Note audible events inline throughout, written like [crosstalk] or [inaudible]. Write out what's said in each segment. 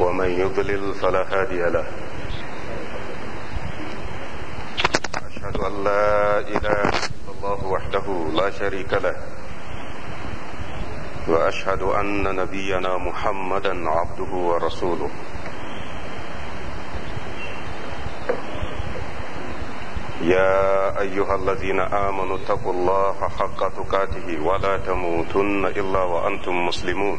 ومن يضلل فلا هادي له أشهد أن لا إله إلا الله وحده لا شريك له وأشهد أن نبينا محمدا عبده ورسوله يا أيها الذين آمنوا اتقوا الله حق تقاته ولا تموتن إلا وأنتم مسلمون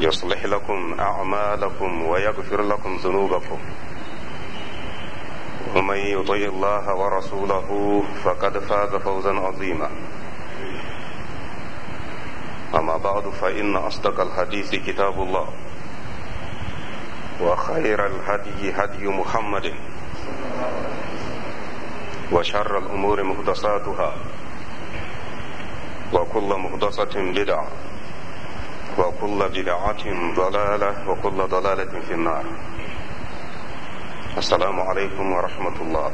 يصلح لكم أعمالكم ويغفر لكم ذنوبكم ومن يطع الله ورسوله فقد فاز فوزا عظيما أما بعد فإن أصدق الحديث كتاب الله وخير الهدي هدي محمد وشر الأمور مهدساتها وكل مهدسة بدعة وكل بدعة ضلالة وكل ضلالة في النار السلام عليكم ورحمة الله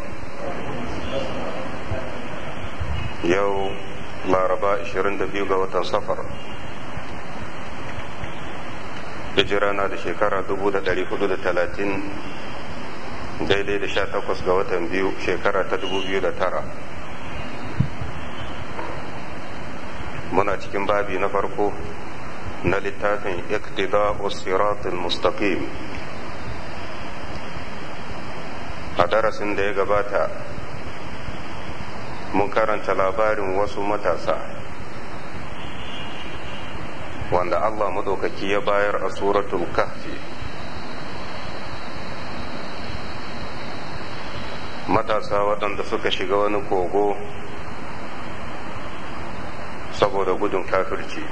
يو لاربا 22 ga watan safar hijira na da shekara 430 daidai da takwas ga watan biyu shekara ta tara. muna cikin babi na farko na littafin iktida siratul mustaqim a darasin da ya gabata mun karanta labarin wasu matasa wanda Allah maɗaukaki ya bayar a suratul kahfi matasa waɗanda suka shiga wani kogo saboda gudun kafirci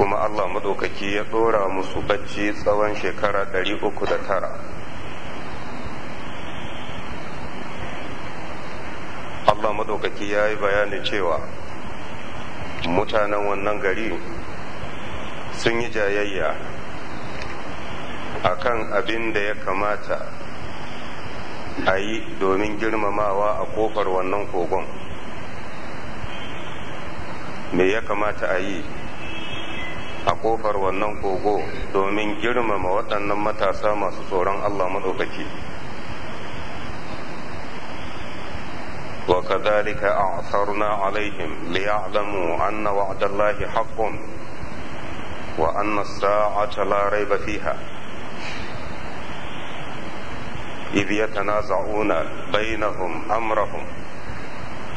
kuma Allah maɗaukaki ya ɗora musu bacci tsawon shekara ɗari uku da tara. Allah maɗaukaki ya yi bayani cewa mutanen wannan gari sun yi jayayya a kan abin da ya kamata a yi domin girmamawa a ƙofar wannan kogon. me ya kamata a yi a kofar wannan kogo domin girmama waɗannan matasa masu tsoron Allah maɗaukaki. وكذلك أعثرنا عليهم ليعلموا أن وعد الله حق وأن الساعة لا ريب فيها إذ يتنازعون بينهم أمرهم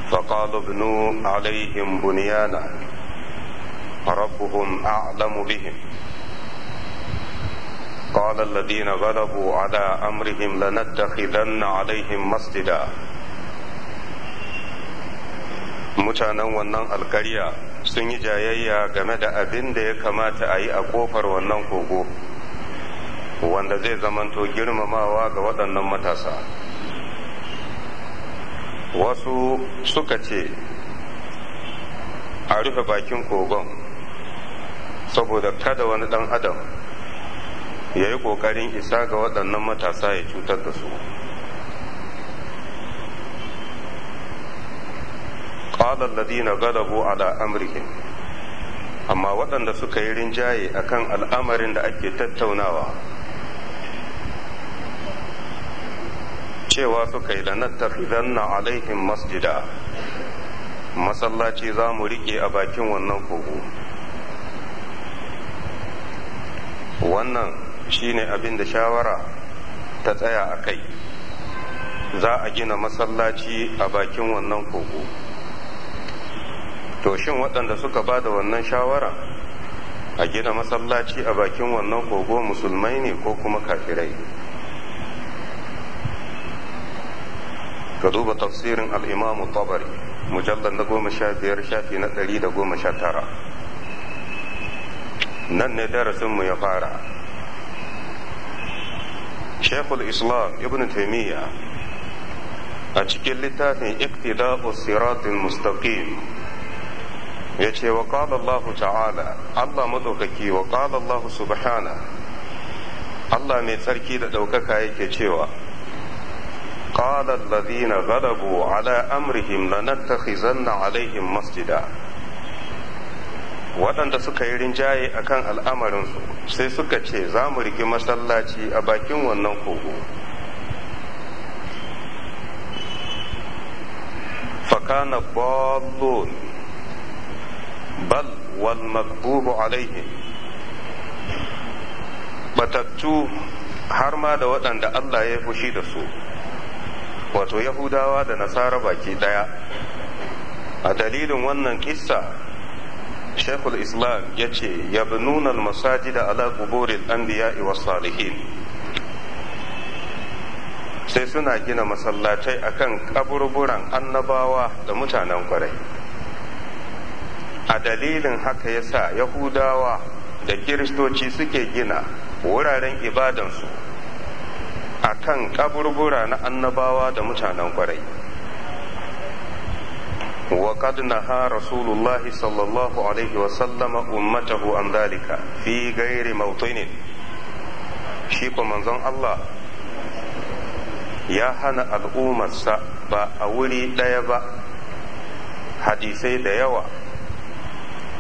فقالوا ابنوا عليهم بنيانا ربهم أعلم بهم قال الذين غلبوا على أمرهم لنتخذن عليهم مسجدا mutanen wannan alkariya sun yi jayayya game da abin da ya kamata a yi a kofar wannan kogo wanda zai zamanto girmamawa ga waɗannan matasa wasu suka ce a rufe bakin kogon saboda kada wani ɗan adam ya yi ƙoƙarin isa ga waɗannan matasa ya cutar da su ƙalar ladina galabu ala amrihim amma waɗanda suka yi rinjaye a kan al'amarin da ake tattaunawa cewa suka yi na alaihim masjida masallaci za mu riƙe a bakin wannan kogo wannan shine abin da shawara ta tsaya a kai za a gina masallaci a bakin wannan kogo to shin waɗanda suka ba da wannan shawara a gina masallaci a bakin wannan kogo musulmai ne ko kuma kafirai ka duba tafsirin al'imamu tabari mujallar na goma sha biyar shafi na ɗari da goma sha tara nan ne darasinmu ya fara shekul islam ibn taimiyya a cikin littafin iktida'u siratin mustaqim ya ce wa Allah ta'ala Allah maɗaukaki wa Allah subhana Allah mai tsarki da ɗaukaka yake cewa قال الذين غلبوا ala أمرهم لنتخذن alaihim masjida waɗanda suka yi rinjaye a akan al'amarinsu sai suka ce za mu rigi masallaci a bakin wannan kogo fakana ballon bal wal magbubu alaihi batattu har ma da waɗanda Allah ya fushi da su wato yahudawa da nasara baki ɗaya a dalilin wannan kissa shekul islam ya ce المساجد masajida قبور الأنبياء والصالحين sai suna gina masallatai akan ƙaburburan annabawa da mutanen kwarai a dalilin haka ya sa yahudawa da kiristoci suke gina wuraren ibadansu akan ƙaburbura na annabawa da mutanen kwarai وقد نهى رسول الله صلى الله عليه وسلم أمته عن ذلك في غير موطن شيك منظم الله ya hana al'ummarsa ba a wuri ɗaya ba hadisai da yawa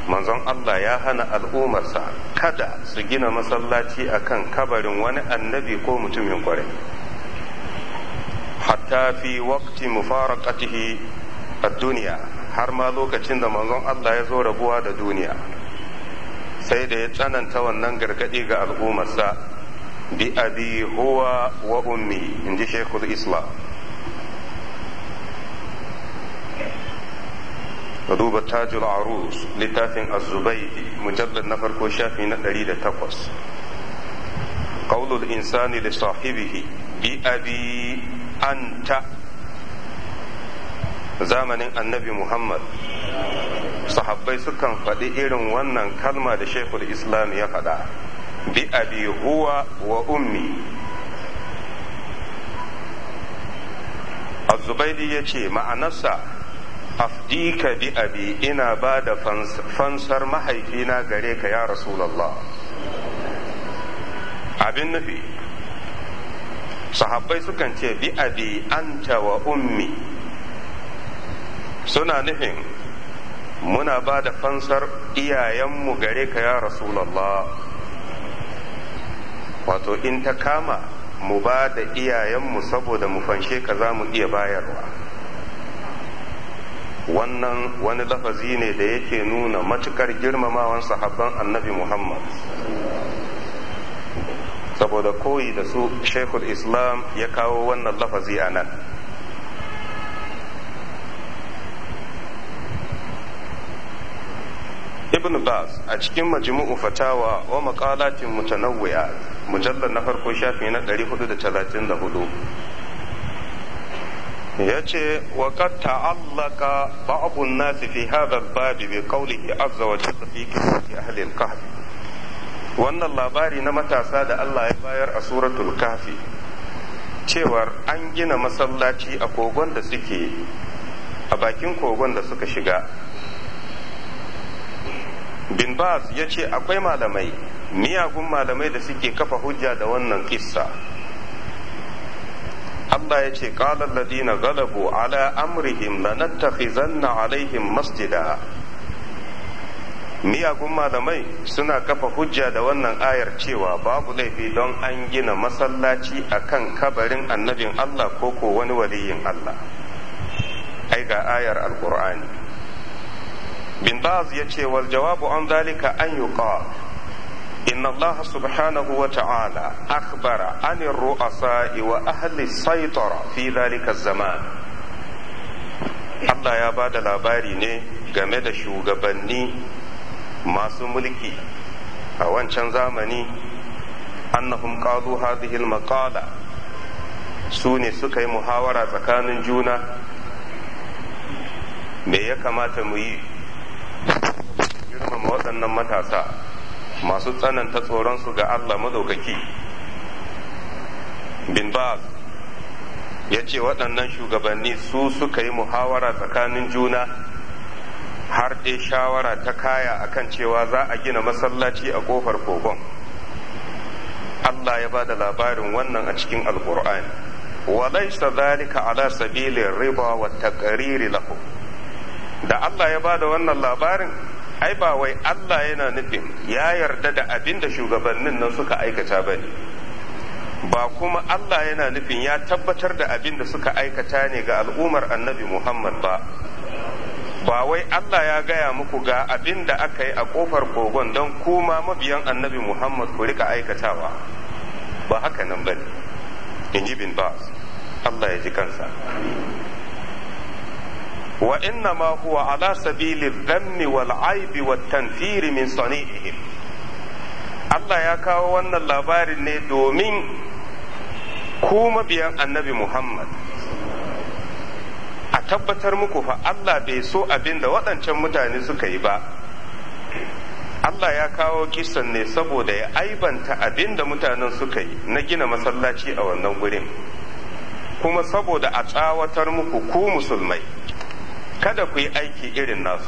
manzon Allah ya hana al'ummarsa kada su gina masallaci akan kabarin wani annabi ko mutumin kwarai hatta fi waqti mufaraqatihi duniya har ma lokacin da manzon Allah ya zo rabuwa da duniya sai da ya tsananta wannan gargaɗi ga sa bi abi huwa wa ummi in ji shekul islam ka duba tajul arus littafin azubaidi mujallar na farko shafi na 108 qaulul insani li sahibihi bi abi anta zamanin annabi muhammad sahabbai sukan faɗi irin wannan kalma da shekul islam ya faɗa bi abi huwa wa ummi azubaidi ya ce ma'anarsa afdika bi abi ina ba da fansar mahaifina gare ka ya rasulallah abin nufi sahabbai sukan ce bi abi anta wa ummi suna nufin muna ba da fansar iyayenmu gare ka ya rasulallah wato in ta kama mu ba da iyayenmu saboda mu fanshe ka za mu iya bayarwa wannan wani lafazi ne da yake nuna matukar girmamawan sahabban annabi muhammad saboda koyi da su shekul islam ya kawo wannan lafazi a nan ibn bas a cikin majmu'u fatawa wa maqalatin mutanawwi'a mujallal na farko shafi na 434 yace wa qad ta'allaka ba'd an-nas fi hadha al-bab bi qawlihi azza wa jalla fi kitabi ahli al-kahf wannan labari na matasa da Allah ya bayar a suratul kahfi cewar an gina masallaci a kogon da suke a bakin kogon da suka shiga bin baz ya ce akwai malamai miyagun malamai da suke kafa hujja da wannan kissa Allah ya ce ƙalar ladina galabu ala amrihim lanattakhizanna alaihim masjida miyagun malamai suna kafa hujja da wannan ayar cewa babu laifi don an gina masallaci akan kabarin annabin Allah ko ko wani waliyin Allah ai ga ayar alkur'ani bin baz ya ce wal jawabu an zalika an yuqal inna allah subhanahu wa ta'ala akhbara an ru'asa wa ahli saitara fi zalika zaman Allah ya ba da labari ne game da shugabanni masu mulki a wancan zamani annahum qalu hadhihi al su ne suka yi muhawara tsakanin juna me ya kamata mu yi ma waɗannan matasa masu tsananta tsoronsu ga Allah madaukaki bin Baz ya ce waɗannan shugabanni su suka yi muhawara tsakanin juna har dai shawara ta kaya akan cewa za a gina masallaci a ƙofar kogon Allah ya ba da labarin wannan a cikin alƙur'ani walaisa zalika ala sabilin riba wa taqriri lahu da Allah ya bada wannan labarin ai ba wai Allah yana nufin ya yarda da abin da shugabannin nan suka aikata ba ne ba kuma Allah yana nufin ya tabbatar da abin da suka aikata ne ga al'ummar annabi Muhammad ba ba wai Allah ya gaya muku ga abin da aka yi a kofar kogon don kuma mabiyan annabi Muhammad ku rika aikatawa ba haka nan ba ne in ji bin ba Allah ya ji kansa wa inna ma huwa ala sabili dhanni wal aibi wat tanfiri min sanihihim Allah ya kawo wannan labarin ne domin ku mabiyan annabi Muhammad a tabbatar muku fa Allah bai so abinda da waɗancan mutane suka yi ba Allah ya kawo kisan ne saboda ya aibanta abinda da mutanen suka yi na gina masallaci a wannan gurin kuma saboda a tsawatar muku ku musulmai kada ku yi aiki irin nasu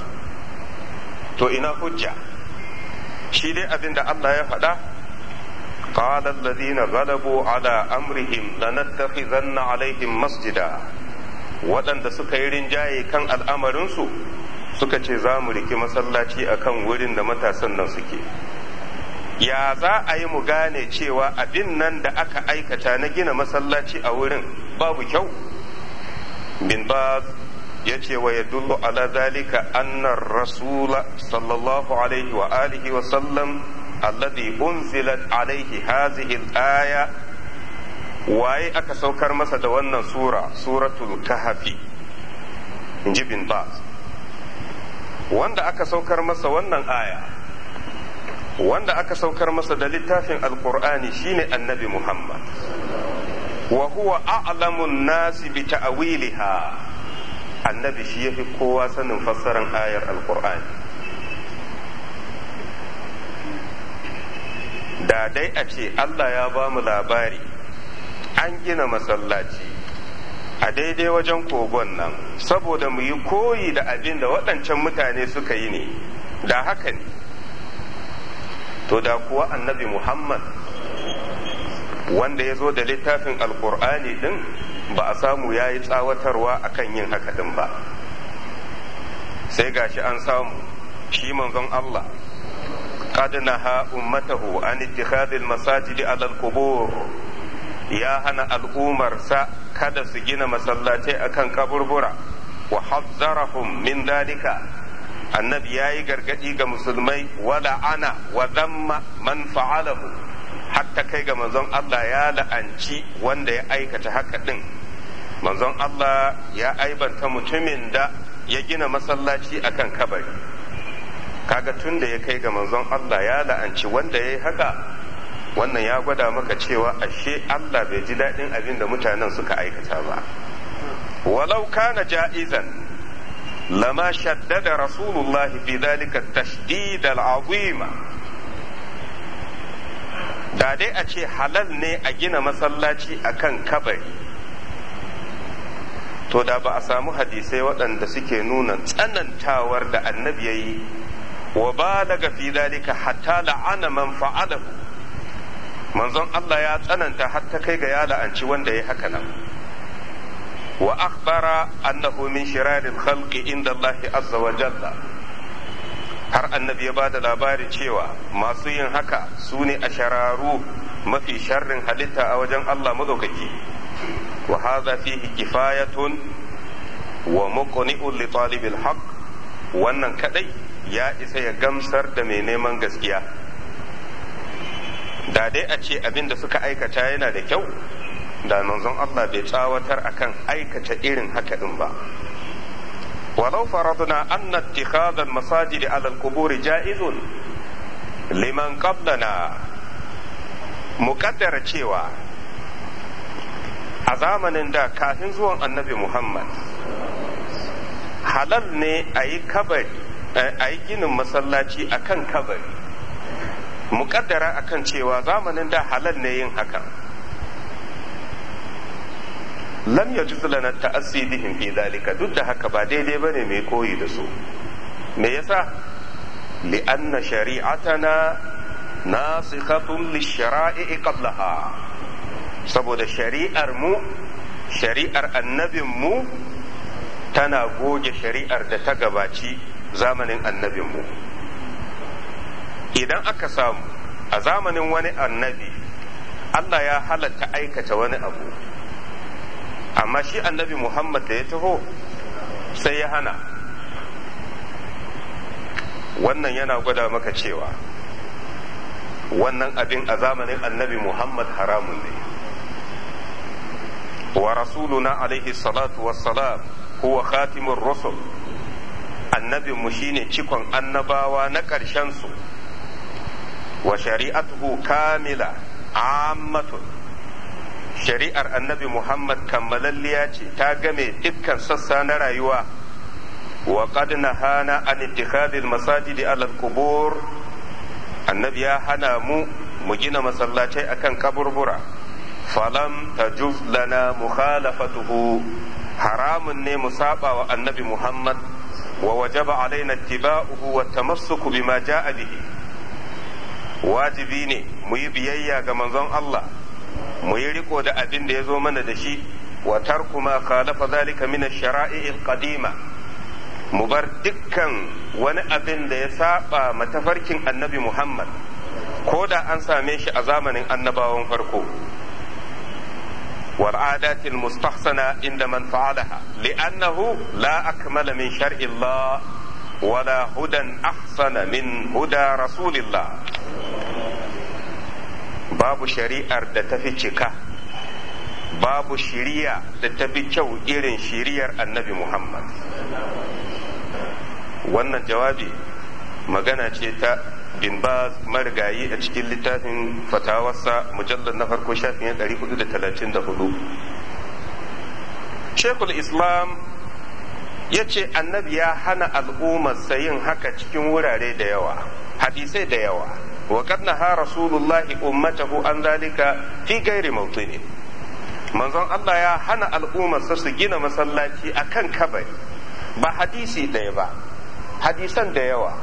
to ina hujja shi dai abin da Allah ya faɗa قال الذين غلبوا على أمرهم لنتخذن عليهم masjida. waɗanda suka yi rinjaye kan al'amarinsu suka ce za mu riki masallaci akan wurin da matasan nan suke ya za a yi mu gane cewa abin nan da aka aikata na gina masallaci a wurin babu kyau bin ba. yace wa yadullu ala zalika anna rasula sallallahu alaihi wa alihi wa sallam alladhi unzilat alaihi hazihi al-aya waye aka saukar masa da wannan sura suratul kahfi inji bin baz wanda aka saukar masa wannan aya wanda aka saukar masa da littafin alqur'ani shine annabi muhammad wa huwa a'lamun nasi bi ta'wiliha annabi shi ya fi kowa sanin fassarar ayar alkur'ani da dai a ce Allah ya ba mu labari an gina masallaci a daidai wajen kogon nan saboda mu yi koyi da abin da waɗancan mutane suka yi ne da haka ne to da kuwa annabi muhammad wanda ya zo da littafin alkur'ani din ba a samu ya yi tsawatarwa a kan yin haka ɗin ba sai gashi an samu shi manzon Allah qad ha ummatahu an ittikhadil masajidi alal al-qubur ya hana kada su gina masallatai akan kaburbura wa hazzarahum min dalika annabi yayi gargadi ga musulmai wala ana wa dhamma man fa'alahu har ta kai ga manzon Allah ya la'anci wanda ya aikata haka din manzon Allah ya aibanta mutumin da ya gina masallaci akan kabari kaga tun da ya kai ga manzon Allah ya la'anci wanda ya yi haka wannan ya gwada maka cewa ashe Allah bai ji daɗin abin da mutanen suka aikata ba walau kana ja'izan lama shaddada rasulullahi fi dalika ذلك azima da dai a ce halal ne a gina masallaci a kan kabari to da ba a samu hadisai waɗanda suke nuna tsanantawar da annabi ya yi wa ba daga fi dalika hatta la'ana man fa'alahu manzon Allah ya tsananta har ta kai ga ya la'anci wanda ya haka nan wa akhbara annahu min shirarin khalqi inda Allah azza wa jalla har annabi ya ba da labari cewa masu yin haka su ne a shararu mafi sharrin halitta a wajen Allah madaukaki wa haza fihi kifayatun wa muqni'un li talibil haqq wannan kadai ya isa ya gamsar da mai neman gaskiya da dai a ce abin da suka aikata yana da kyau da manzon Allah bai tsawatar akan aikata irin haka din ba walau faradna anna ittikhadha al-masajid ala al ja'izun liman qablana muqaddara cewa a zamanin da kafin zuwan annabi Muhammad halal ne a yi ginin masallaci a kabari muƙaddara a kan cewa zamanin da halal ne yin hakan lam yajuz lana ta'assi bihim fi zalika duk da haka ba daidai bane mai koyi da su me yasa li anna shari'atana nasikhatun lishara'i qablaha saboda shari'ar mu shari'ar annabin mu tana goge shari'ar da ta gabaci zamanin annabin mu idan aka samu a zamanin wani annabi Allah ya halatta aikata wani abu amma shi annabi muhammad da ya taho sai ya hana wannan yana gwada maka cewa wannan abin a zamanin annabi muhammad haramun ne wa rasuluna alaihi salatu wassalam huwa khatimin rusul annabinmu shine cikon annabawa na ƙarshensu wa shari'atuhu kamila ammatun shari'ar annabi muhammad kammalalliya ce ta game dukkan sassa na rayuwa wa qad nahana an ittikhadil masajidi alal qubur annabi ya hana mu mu gina masallatai akan kaburbura falam tajuz lana mukhalafatuhu haramun ne mu saba wa annabi muhammad wa wajaba alaina ittiba'uhu wa tamassuku bima ja'a bihi wajibi ne mu yi biyayya ga manzon Allah mu yi riko da abin da ya zo mana da shi wa tarku ma khalafa zalika min ash-shara'i qadima mu bar dukkan wani abin da ya saba matafarkin annabi Muhammad ko da an same shi a zamanin annabawan farko والعادات المستحسنة عند من فعلها لأنه لا أكمل من شرع الله ولا هدى أحسن من هدى رسول الله babu shari'ar da ta fi cika babu shiriya da ta fi kyau irin shiriyar annabi muhammad wannan jawabi magana ce ta bin ba marigayi a cikin littafin fatawarsa mujallar na farko shafin 434 shekul islam ya ce annabi ya hana al'ummarsa yin haka cikin wurare da yawa hadisai da yawa wa qad naha rasulullahi ummatahu an zalika fi ghairi mawtini manzon Allah ya hana al'ummar su gina masallaci akan kabari ba hadisi ya ba hadisan da yawa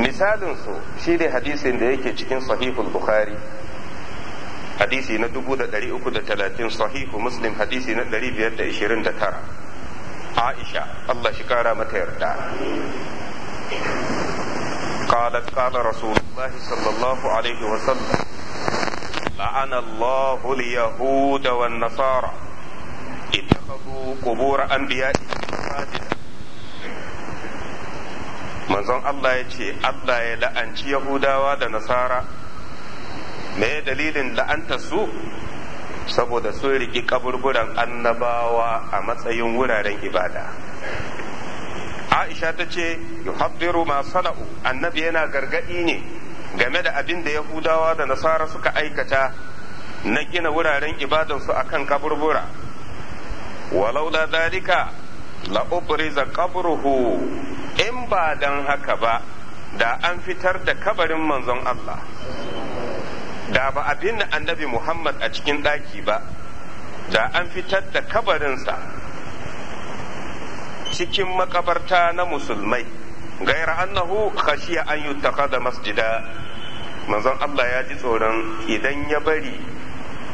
misalinsu shi ne hadisin da yake cikin sahihul bukhari hadisi na 330 sahihu muslim hadisi na 529 aisha Allah shi kara mata yarda قالت قال رسول الله صلى الله عليه وسلم لعن الله اليهود والنصارى اتخذوا قبور أنبيائهم مساجدا manzon Allah ya ce Allah ya la'anci Yahudawa da Nasara me dalilin la'anta su saboda sun riƙi kaburburan annabawa a matsayin wuraren ibada aisha ta ce yuhaddiru ma sana'u annabi yana gargadi ne game da abin da yahudawa da nasara suka aikata na gina wuraren ibadansu akan kaburbura da dalika la ubriza qabruhu in ba dan haka ba da an fitar da kabarin manzon Allah da ba abin da annabi Muhammad a cikin ɗaki ba da an fitar da kabarinsa cikin makabarta na musulmai gaira annahu khashiya an yuttakhadha masjida manzon Allah ya ji tsoron idan ya bari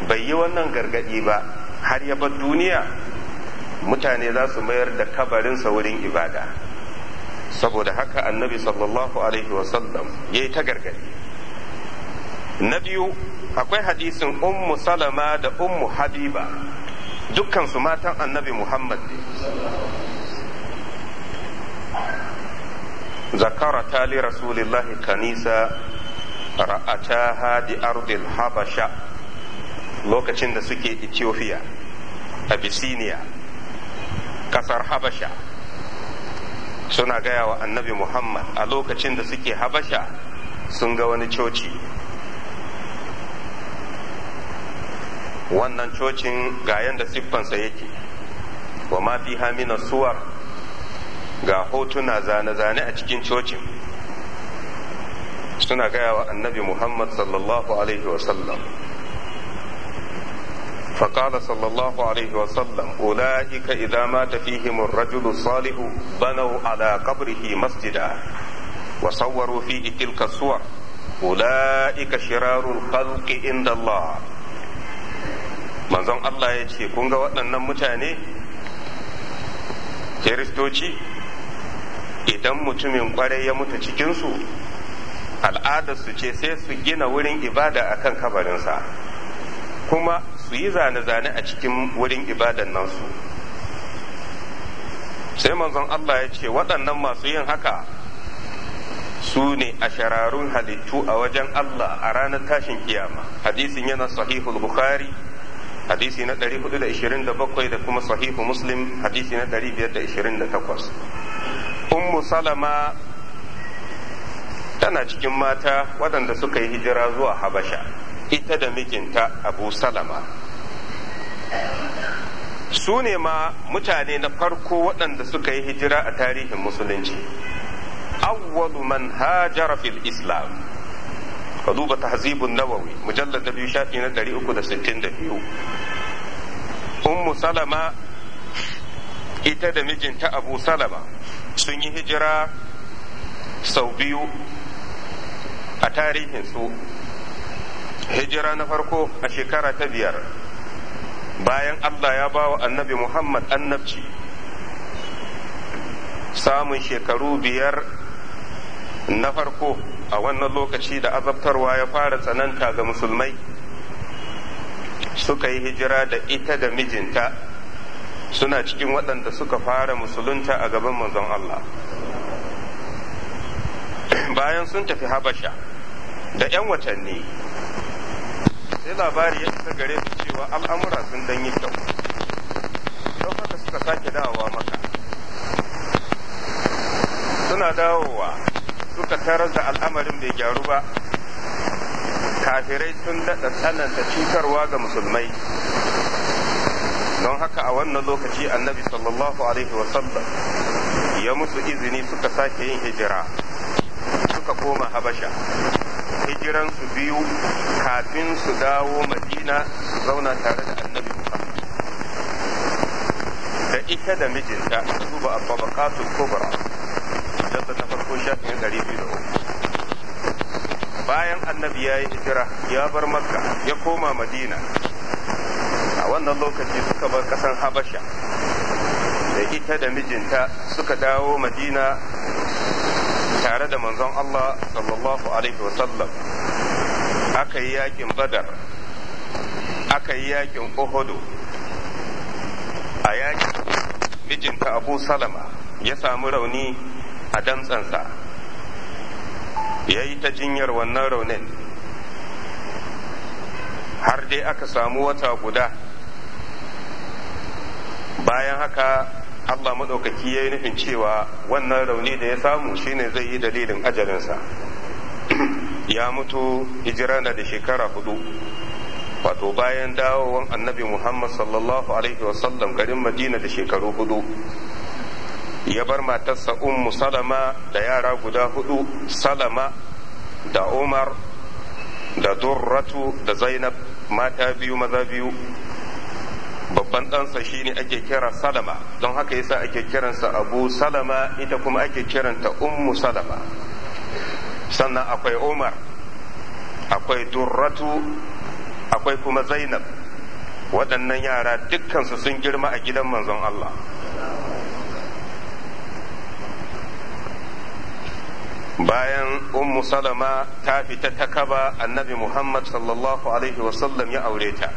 bai yi wannan gargadi ba har ya bar duniya mutane za su mayar da kabarinsa wurin ibada saboda haka annabi sallallahu alaihi wasallam ya yi ta gargadi na biyu akwai hadisin ummu salama da ummu habiba dukkansu matan annabi muhammad ne zakarata li rasulillahi kanisa ra'ataha hadi ardil habasha lokacin da suke ethiopia abisiniya kasar habasha suna gaya wa annabi muhammad a lokacin da suke habasha sun ga wani coci wannan cocin ga yanda siffansa yake wa ma fi hamina suwar ga hotuna zane-zane a cikin cocin suna gaya wa annabi muhammad sallallahu alaihi wasallam فقال صلى الله عليه وسلم أولئك إذا مات فيهم الرجل الصالح بنوا على قبره مسجدا وصوروا فيه تلك الصور أولئك شرار الخلق عند الله manzon Allah ya ce kun ga waɗannan mutane kiristoci idan mutumin kwarai ya mutu cikinsu al'adarsu ce sai su gina wurin ibada a kan kabarinsa kuma su yi zane-zane a cikin wurin ibadan nansu sai manzon Allah ya ce waɗannan masu yin haka su ne a shararun halittu a wajen Allah a ranar tashin kiyama hadisin yana sahihul bukhari hadisi na 427 da kuma sahihu muslim hadisi na 528 ummu salama tana cikin mata waɗanda suka yi hijira zuwa habasha ita da mijinta abu salama su ne ma mutane na farko waɗanda suka yi hijira a tarihin musulunci awwalu man hajara fil islam ka duba tahzibun nawawi mujallar da biyu shafi na biyu. ummu salama ita da mijinta abu salama sun yi hijira sau biyu a tarihinsu hijira na farko a shekara ta biyar bayan allah ya ba wa annabi muhammad annabci samun shekaru biyar na farko a wannan lokaci da azabtarwa ya fara tsananta ga musulmai suka yi hijira da ita da mijinta suna cikin waɗanda suka fara musulunta a gaban manzon Allah bayan sun tafi habasha da 'yan watanni sai labari ya isa gare su cewa al'amura sun dan yi kyau don haka suka sake dawowa maka suna dawowa suka tarar da al'amarin bai gyaru ba kafirai tun daɗa tsananta cutarwa ga musulmai don haka a wannan lokaci annabi sallallahu alaihi wasallam ya musu izini suka sake yin hijira suka koma habasha Hijiran su biyu kafin su dawo madina su zauna tare da annabi da ita da mijinta su duba abbabakatul kubra jasa na farko shafin ɗari 203 bayan annabi ya yi hijira ya bar makka ya koma madina wannan lokaci suka bar kasan habasha da ita da mijinta suka dawo madina tare da manzon Allah sallallahu alaihi wasallam aka yi yakin badar aka yi yakin uhudu a yakin mijinta abu salama ya samu rauni a dantsansa ya yi ta jinyar wannan raunin har dai aka samu wata guda bayan haka Allah maɗaukaki ya yi nufin cewa wannan rauni da ya samu shine zai yi dalilin ajalinsa [clears throat] ya mutu hijira da shekara hudu wato bayan dawowan annabi muhammad sallallahu alaihi wasallam garin madina da shekaru hudu ya bar matarsa ummu salama da yara guda hudu salama da umar da durratu da zainab mata biyu maza biyu babban ɗansa shine ake kira salama don haka yasa ake kiransa abu salama ita kuma ake kiranta ummu salama sannan akwai umar akwai durratu akwai kuma zainab waɗannan yara dukkansu sun girma a gidan manzon Allah bayan ummu salama ta fita ta kaba annabi muhammad sallallahu alaihi wasallam ya aure ta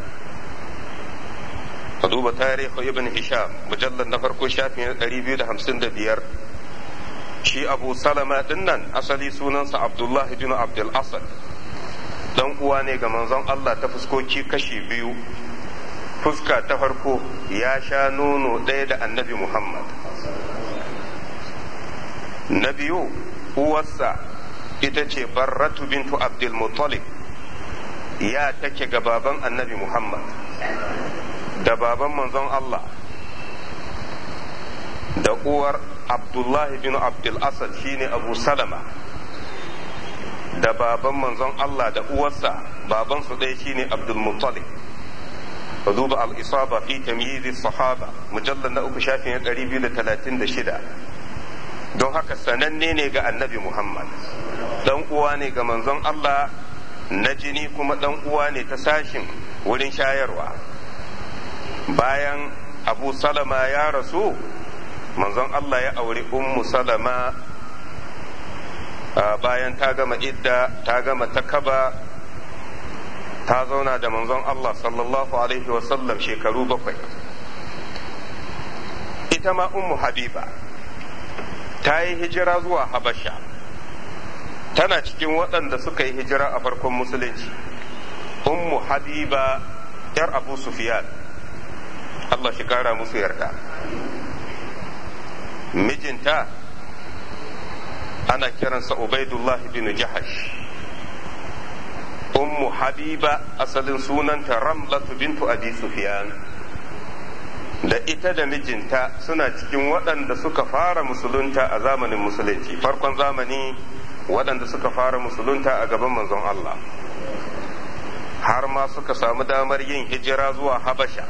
ka duba tarihi ibn hisham mujallar na farko shafi 255 shi abu salama dinnan asali sunansa abdullah bin abdul asad dan uwa ne ga manzon allah ta fuskoki kashi biyu fuska ta farko ya sha nono ɗaya da annabi muhammad na biyu uwarsa ita ce barratu bintu abdul muttalib ya take ga baban annabi muhammad da baban manzon Allah da uwar abdullahi bin abdul asad shine abu salama da baban manzon Allah da uwarsa su ɗaya shine abdul muttalib duba al-isaba fi sahaba mujallar na uku shafin 236 don haka sananne ne ga annabi muhammad dan uwa ne ga manzon Allah na jini kuma dan uwa ne ta sashin wurin shayarwa bayan abu salama ya rasu manzon Allah ya auri ummu salama bayan ta gama idda ta gama takaba ta zauna da manzon Allah sallallahu alaihi wasallam shekaru bakwai ita ma ummu habiba ta yi hijira zuwa habasha tana cikin waɗanda suka yi hijira a farkon musulunci ummu habiba yar abu sufyan Allah shi kara musu yarda mijinta ana kiransa Ubaidullah bin Jahash ummu habiba asalin sunanta ramlatu bintu abi sufyan da ita da mijinta suna cikin waɗanda suka fara musulunta a zamanin musulunci farkon zamani waɗanda suka fara musulunta a gaban manzon Allah har ma suka samu damar yin hijira zuwa habasha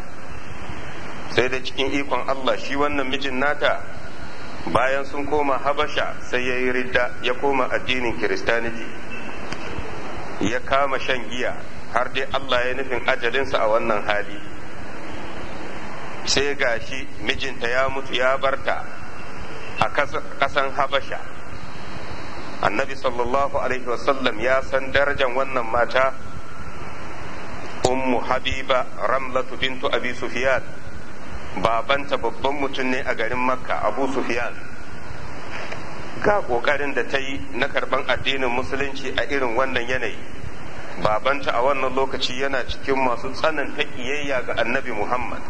sai da cikin ikon Allah shi wannan mijin nata bayan sun koma habasha sai ya yi ridda ya koma addinin kiristaniti ya kama shan giya har dai Allah ya nufin ajalinsa a wannan hali sai ga shi mijinta ya mutu ya barta a kasan habasha annabi sallallahu alaihi wasallam ya san darajan wannan mata ummu habiba ramlatu bintu abi sufyan babanta babban mutum ne a garin makka abu sufiyan ga ƙoƙarin da ta yi na karban addinin musulunci a irin wannan yanayi babanta a wannan lokaci yana cikin masu tsananta kiyayya ga annabi muhammad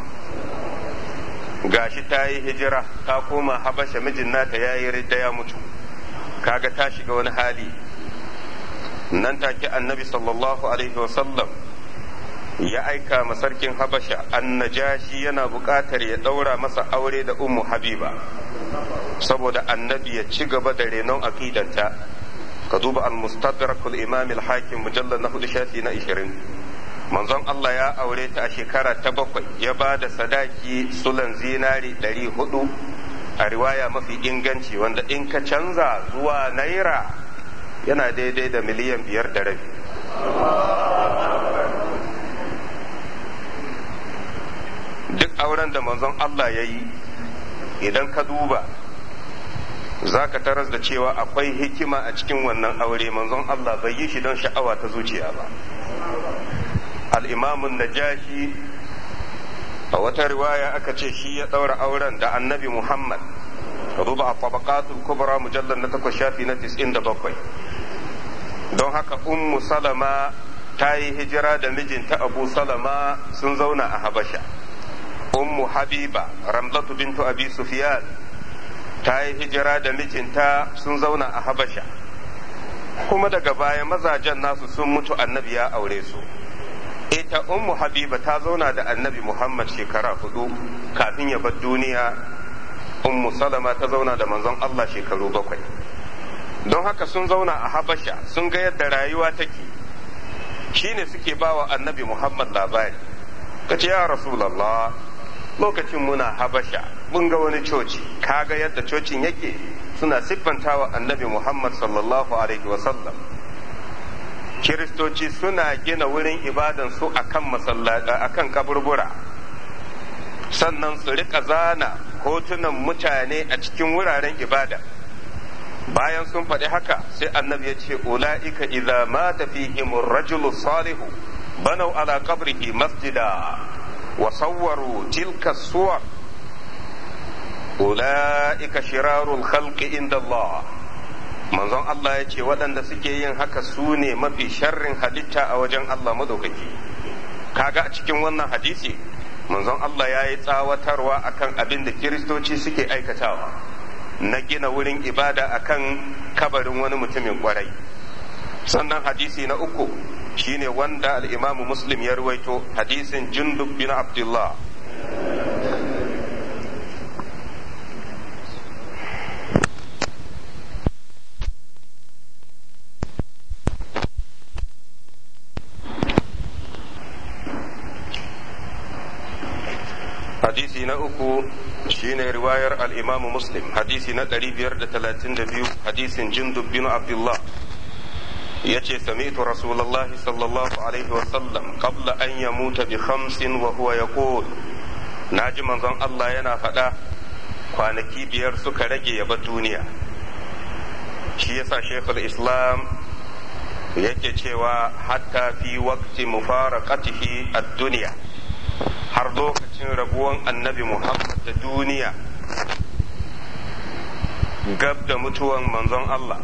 gashi ta yi hijira ta koma habasha mijin nata ya yi ridda ya mutu kaga ta shiga wani hali nan take annabi sallallahu alaihi wasallam ya aika ma sarkin habasha annajashi yana buƙatar ya ɗaura masa aure da ummu habiba saboda annabi ya ci gaba da renon aƙidanta ka duba al-mustadrakul imam al-hakim mujallal na hudu shafi na ishirin manzon Allah ya aure ta a shekara ta bakwai ya ba da sadaki sulan zinari ɗari hudu a riwaya mafi inganci wanda in ka canza zuwa naira yana daidai da miliyan biyar da rabi auren da manzon Allah ya yi idan ka duba za ka taras da cewa akwai hikima a cikin wannan aure manzon Allah bai yi shi don sha'awa ta zuciya ba al'imamun najashi a wata riwaya aka ce shi ya ɗaura auren da annabi muhammad ruba a tabakatul kubra mujallar na takwas shafi na tis'in da bakwai don haka ummu salama ta yi hijira da mijinta abu salama sun zauna a habasha ummu habiba ramlatu bintu abi sufyan tayi hijira da mijinta sun zauna a habasha kuma daga baya mazajen nasu sun mutu annabi ya aure su ita ummu habiba ta zauna da annabi muhammad shekara hudu kafin ya bar duniya ummu salama ta zauna da manzon allah shekaru bakwai don haka sun zauna a habasha sun ga yadda rayuwa take shine suke bawa annabi muhammad labari kace ya rasulallah lokacin muna habasha mun ga wani coci kaga yadda cocin yake suna siffantawa annabi muhammad sallallahu alaihi wasallam kiristoci suna gina wurin ibadansu akan akan kaburbura sannan su rika zana hotunan mutane a cikin wuraren ibada bayan sun faɗi haka sai annabi ya ce ula'ika idza mata fihim rajulu salihu banau ala qabrihi masjida wa sawwaru tilka suwar ula'ika shirarul khalqi inda Allah manzon Allah ya waɗanda suke yin haka su ne mafi sharrin halitta a wajen Allah madaukaki kaga a cikin wannan hadisi manzon Allah ya yi tsawatarwa akan abinda kiristoci suke aikatawa na gina wurin ibada akan kabarin wani mutumin kwarai sannan hadisi na uku shine wanda al'imamu muslim ya ruwaito hadisin jundub bin abdullah hadisi na uku shine riwayar al'imamu muslim hadisi na 532 hadisin jundub bin abdullah yace sami'tu rasulullah sallallahu alaihi wasallam qabla an yamuta bi khamsin wa huwa yaqul naji manzon Allah yana faɗa kwanaki biyar suka rage ya bar duniya shi yasa shaykhul islam yake cewa hatta fi waqti mufaraqatihi ad-dunya har lokacin rabuwan annabi muhammad da duniya gab da mutuwan manzon Allah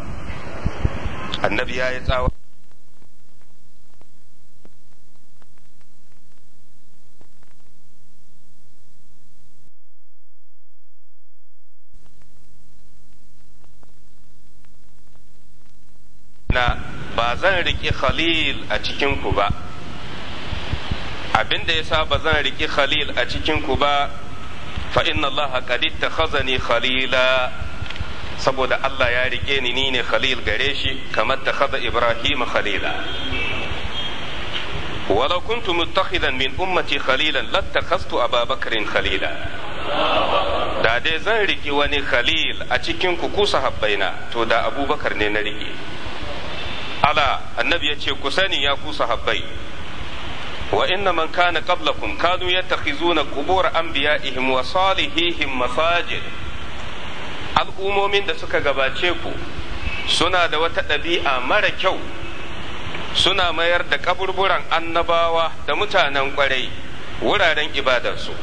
annabi ya yi tsawa na ba zan riƙi khalil a cikinku ba abin da ya sa ba zan riƙi khalil a cikinku ba fa inna allaha qad ittakhazani khalila saboda Allah ya rike ni ni ne khalil gare shi kamar ta khada Ibrahim khalila walau kuntu muttakhidan min ummati khalilan lattakhastu Abu Bakrin khalila da dai zan riki wani khalil a cikin ku ku sahabbaina to da Abubakar ne na riki ala annabi ya ce ku sani ya ku sahabbai wa inna man kana qablakum kanu yattakhizuna qubur anbiya'ihim wa salihihim masajid al'umomin da suka gabace ku suna da wata ɗabi'a mara kyau suna mayar da ƙaburburan annabawa da mutanen ƙwarai wuraren ibadarsu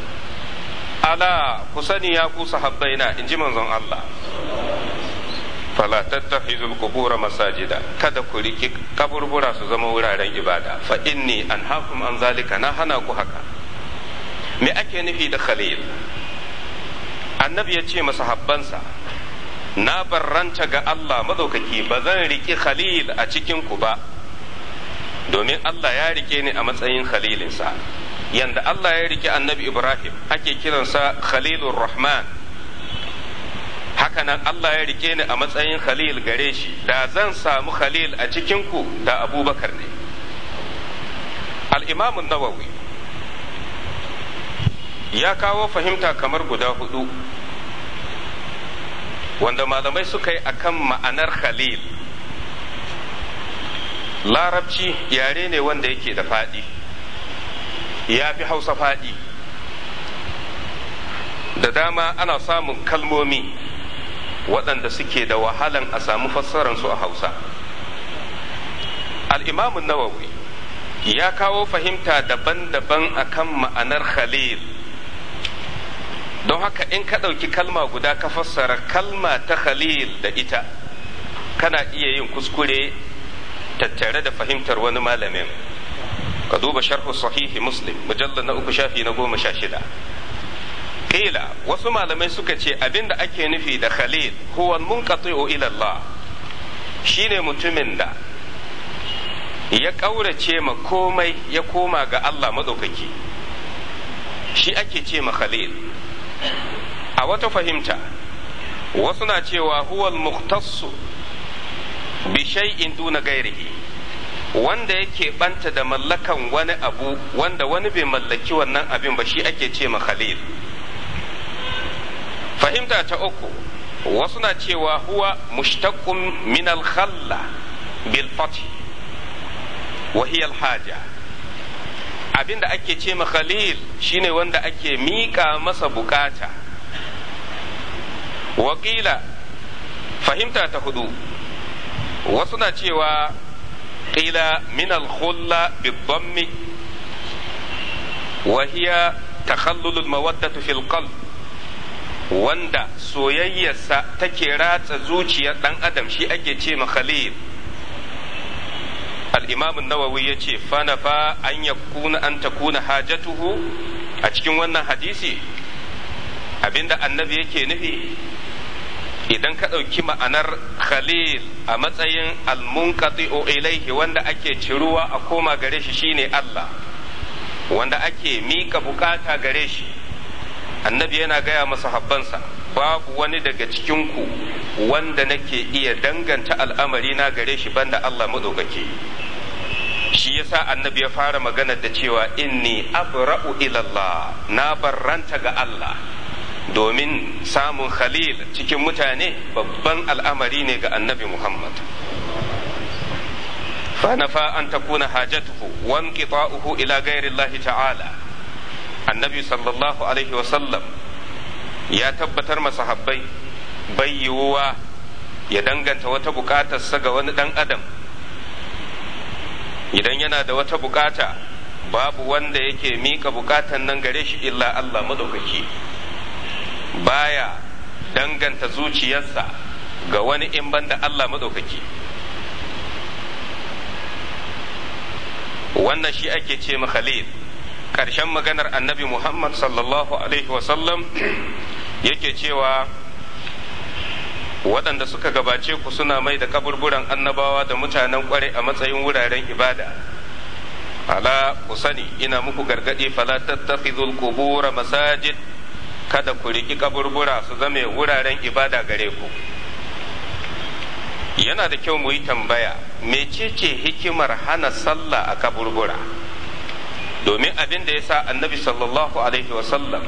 ala ku sani ya ku sahabbaina in ji manzon Allah fala tattakhizul qubur masajida kada ku riki kaburbura su zama wuraren ibada fa inni anhaakum an zalika na hana ku haka me ake nufi da khalil annabi ya ce masa masahabbansa na barranta ga Allah madaukaki ba zan riƙi khalil a cikinku ba domin Allah ya rike ni a matsayin khalilinsa yanda Allah ya rike annabi Ibrahim ake kiransa khalilur rahman hakanan Allah ya rike ni a matsayin khalil gare shi da zan samu khalil a cikin ku da abubakar ne al al'imamun nawawi ya kawo fahimta kamar guda hudu wanda malamai suka yi akan ma'anar khalil larabci yare ne wanda yake da faɗi ya fi hausa faɗi da dama ana samun kalmomi waɗanda suke da wahalan a samu fassararsu a hausa al'imamun nawawi ya kawo fahimta daban-daban akan ma'anar khalil don haka in ka ɗauki kalma guda ka fassara kalma ta khalil da ita kana iya yin kuskure tattare da fahimtar wani malamin ka duba sharhu sahihi muslim mujallar na uku shafi na goma sha shida ƙila wasu malamai suka ce abinda ake nufi da khalil huwa o ilallah Shi shine mutumin da ya ƙaurace ma komai ya koma ga Allah maɗaukaki shi ake ce ma khalil a wata fahimta wasu na cewa huwal muktassu bi shay'in duna gairihi wanda yake banta da mallakan wani abu wanda wani bai mallaki wannan abin ba shi ake ce ma khalil fahimta ta uku wasu na cewa huwa mushtaqqun min al-khalla bil fath wa hiya al-haja abin da ake ce khalil shine wanda ake miƙa masa bukata wakila fahimta ta hudu wasu na cewa ƙila min al-khulla bi-dhammi mawaddatu fil qalb wanda soyayyarsa take ratsa zuciyar dan adam shi ake ce khalil al-imam an-nawawi yace fa an yakuna an takuna hajatuhu a cikin wannan hadisi abinda annabi yake nufi idan ka ɗauki ma'anar khalil a matsayin almunqati'u ilaihi wanda ake ciruwa a koma gare shi shine Allah wanda ake mika bukata gare shi annabi yana gaya masa habbansa babu wani daga cikinku wanda nake iya danganta al'amari na gare shi banda Allah maɗaukaki shi yasa annabi ya fara magana da cewa inni abra'u ilallah na barranta ga Allah domin samun khalil cikin mutane babban al'amari ne ga annabi Muhammad fa an takuna hajatuhu wa inqita'uhu ila ghairi Allah ta'ala annabi sallallahu alaihi wa sallam ya tabbatar ma sahabbai bayyuwa ya danganta wata bukatarsa ga wani dan adam idan yana da wata bukata babu wanda yake mika bukatan nan gare shi illa Allah madaukaki baya danganta zuciyarsa ga wani in banda Allah madaukaki wannan shi ake ce khalil ƙarshen maganar annabi Muhammad sallallahu alaihi wasallam yake cewa waɗanda suka gabace ku suna mai da kaburburan annabawa da mutanen kware a matsayin wuraren ibada ala ku sani ina muku gargaɗi fala tattakhidhul qubura masajid kada ku riki kaburbura su zame wuraren ibada gare ku yana da kyau mu yi tambaya mecece hikimar hana sallah a kaburbura domin abin da ya sa annabi sallallahu alaihi wasallam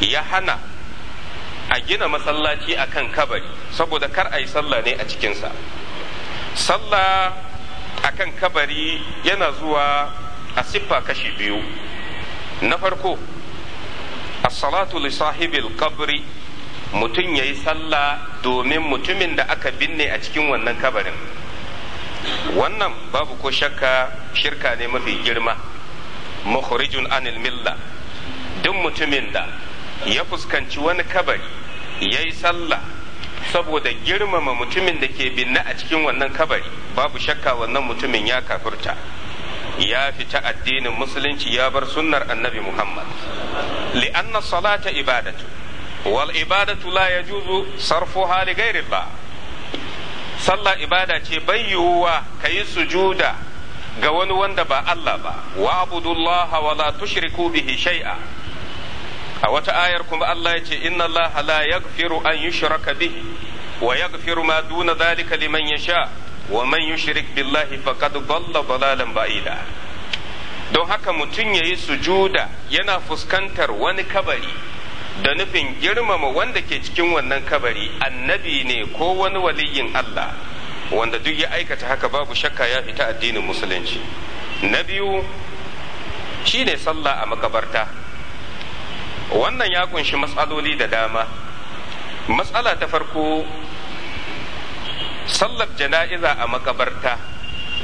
ya hana a gina masallaci a kan kabari saboda kar a yi sallah ne a cikinsa sallah a kan kabari yana zuwa a siffa kashi biyu na farko as-salatu li sahibil kabri mutum ya yi sallah domin mutumin da aka binne a cikin wannan kabarin wannan babu ko shakka shirka ne mafi girma mukhrijun anil milla duk mutumin da ya fuskanci wani kabari ya yi sallah saboda girmama mutumin da ke binne a cikin wannan kabari babu shakka wannan mutumin ya kafurta. ya fita addinin musulunci ya bar sunnar annabi muhammad li'anna salata ibadatu wal ibadatu la yajuzu hali gairin ba? sallah ibada ce bai yiwuwa kayi sujuda ga wani wanda ba Allah ba wa abudullaha wa la tushriku bihi shay'a a wata ayar kuma Allah ya ce inna Allah la yaghfiru an yushraka bihi wa yaghfiru ma duna zalika liman yasha wa man yushrik billahi faqad dhalla dhalalan ba'ida don haka mutum yayi sujuda yana fuskantar wani kabari da nufin girmama wanda ke cikin wannan kabari annabi ne ko wani waliyin Allah wanda duk ya aikata haka babu shakka ya fita addinin musulunci na biyu shine sallah a makabarta wannan ya kunshi matsaloli da dama matsala ta farko sallar jana'iza a makabarta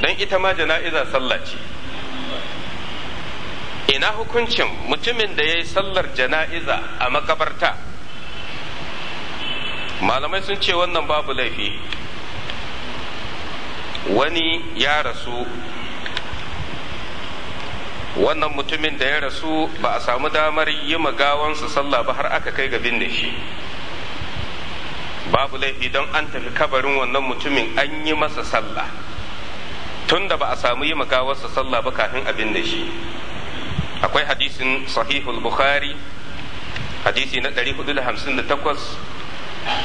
don ita ma jana'iza sallah ce ina hukuncin mutumin da ya yi sallar jana'iza a makabarta malamai sun ce wannan babu laifi wani ya rasu wannan mutumin da ya rasu ba a samu damar yi magawansa sallah ba har aka kai ga binne shi babu laifi don an tafi kabarin wannan mutumin an yi masa sallah tun da ba a samu yi magawarsa sallah ba kafin a binne shi akwai hadisin sahihul bukhari hadisi na 458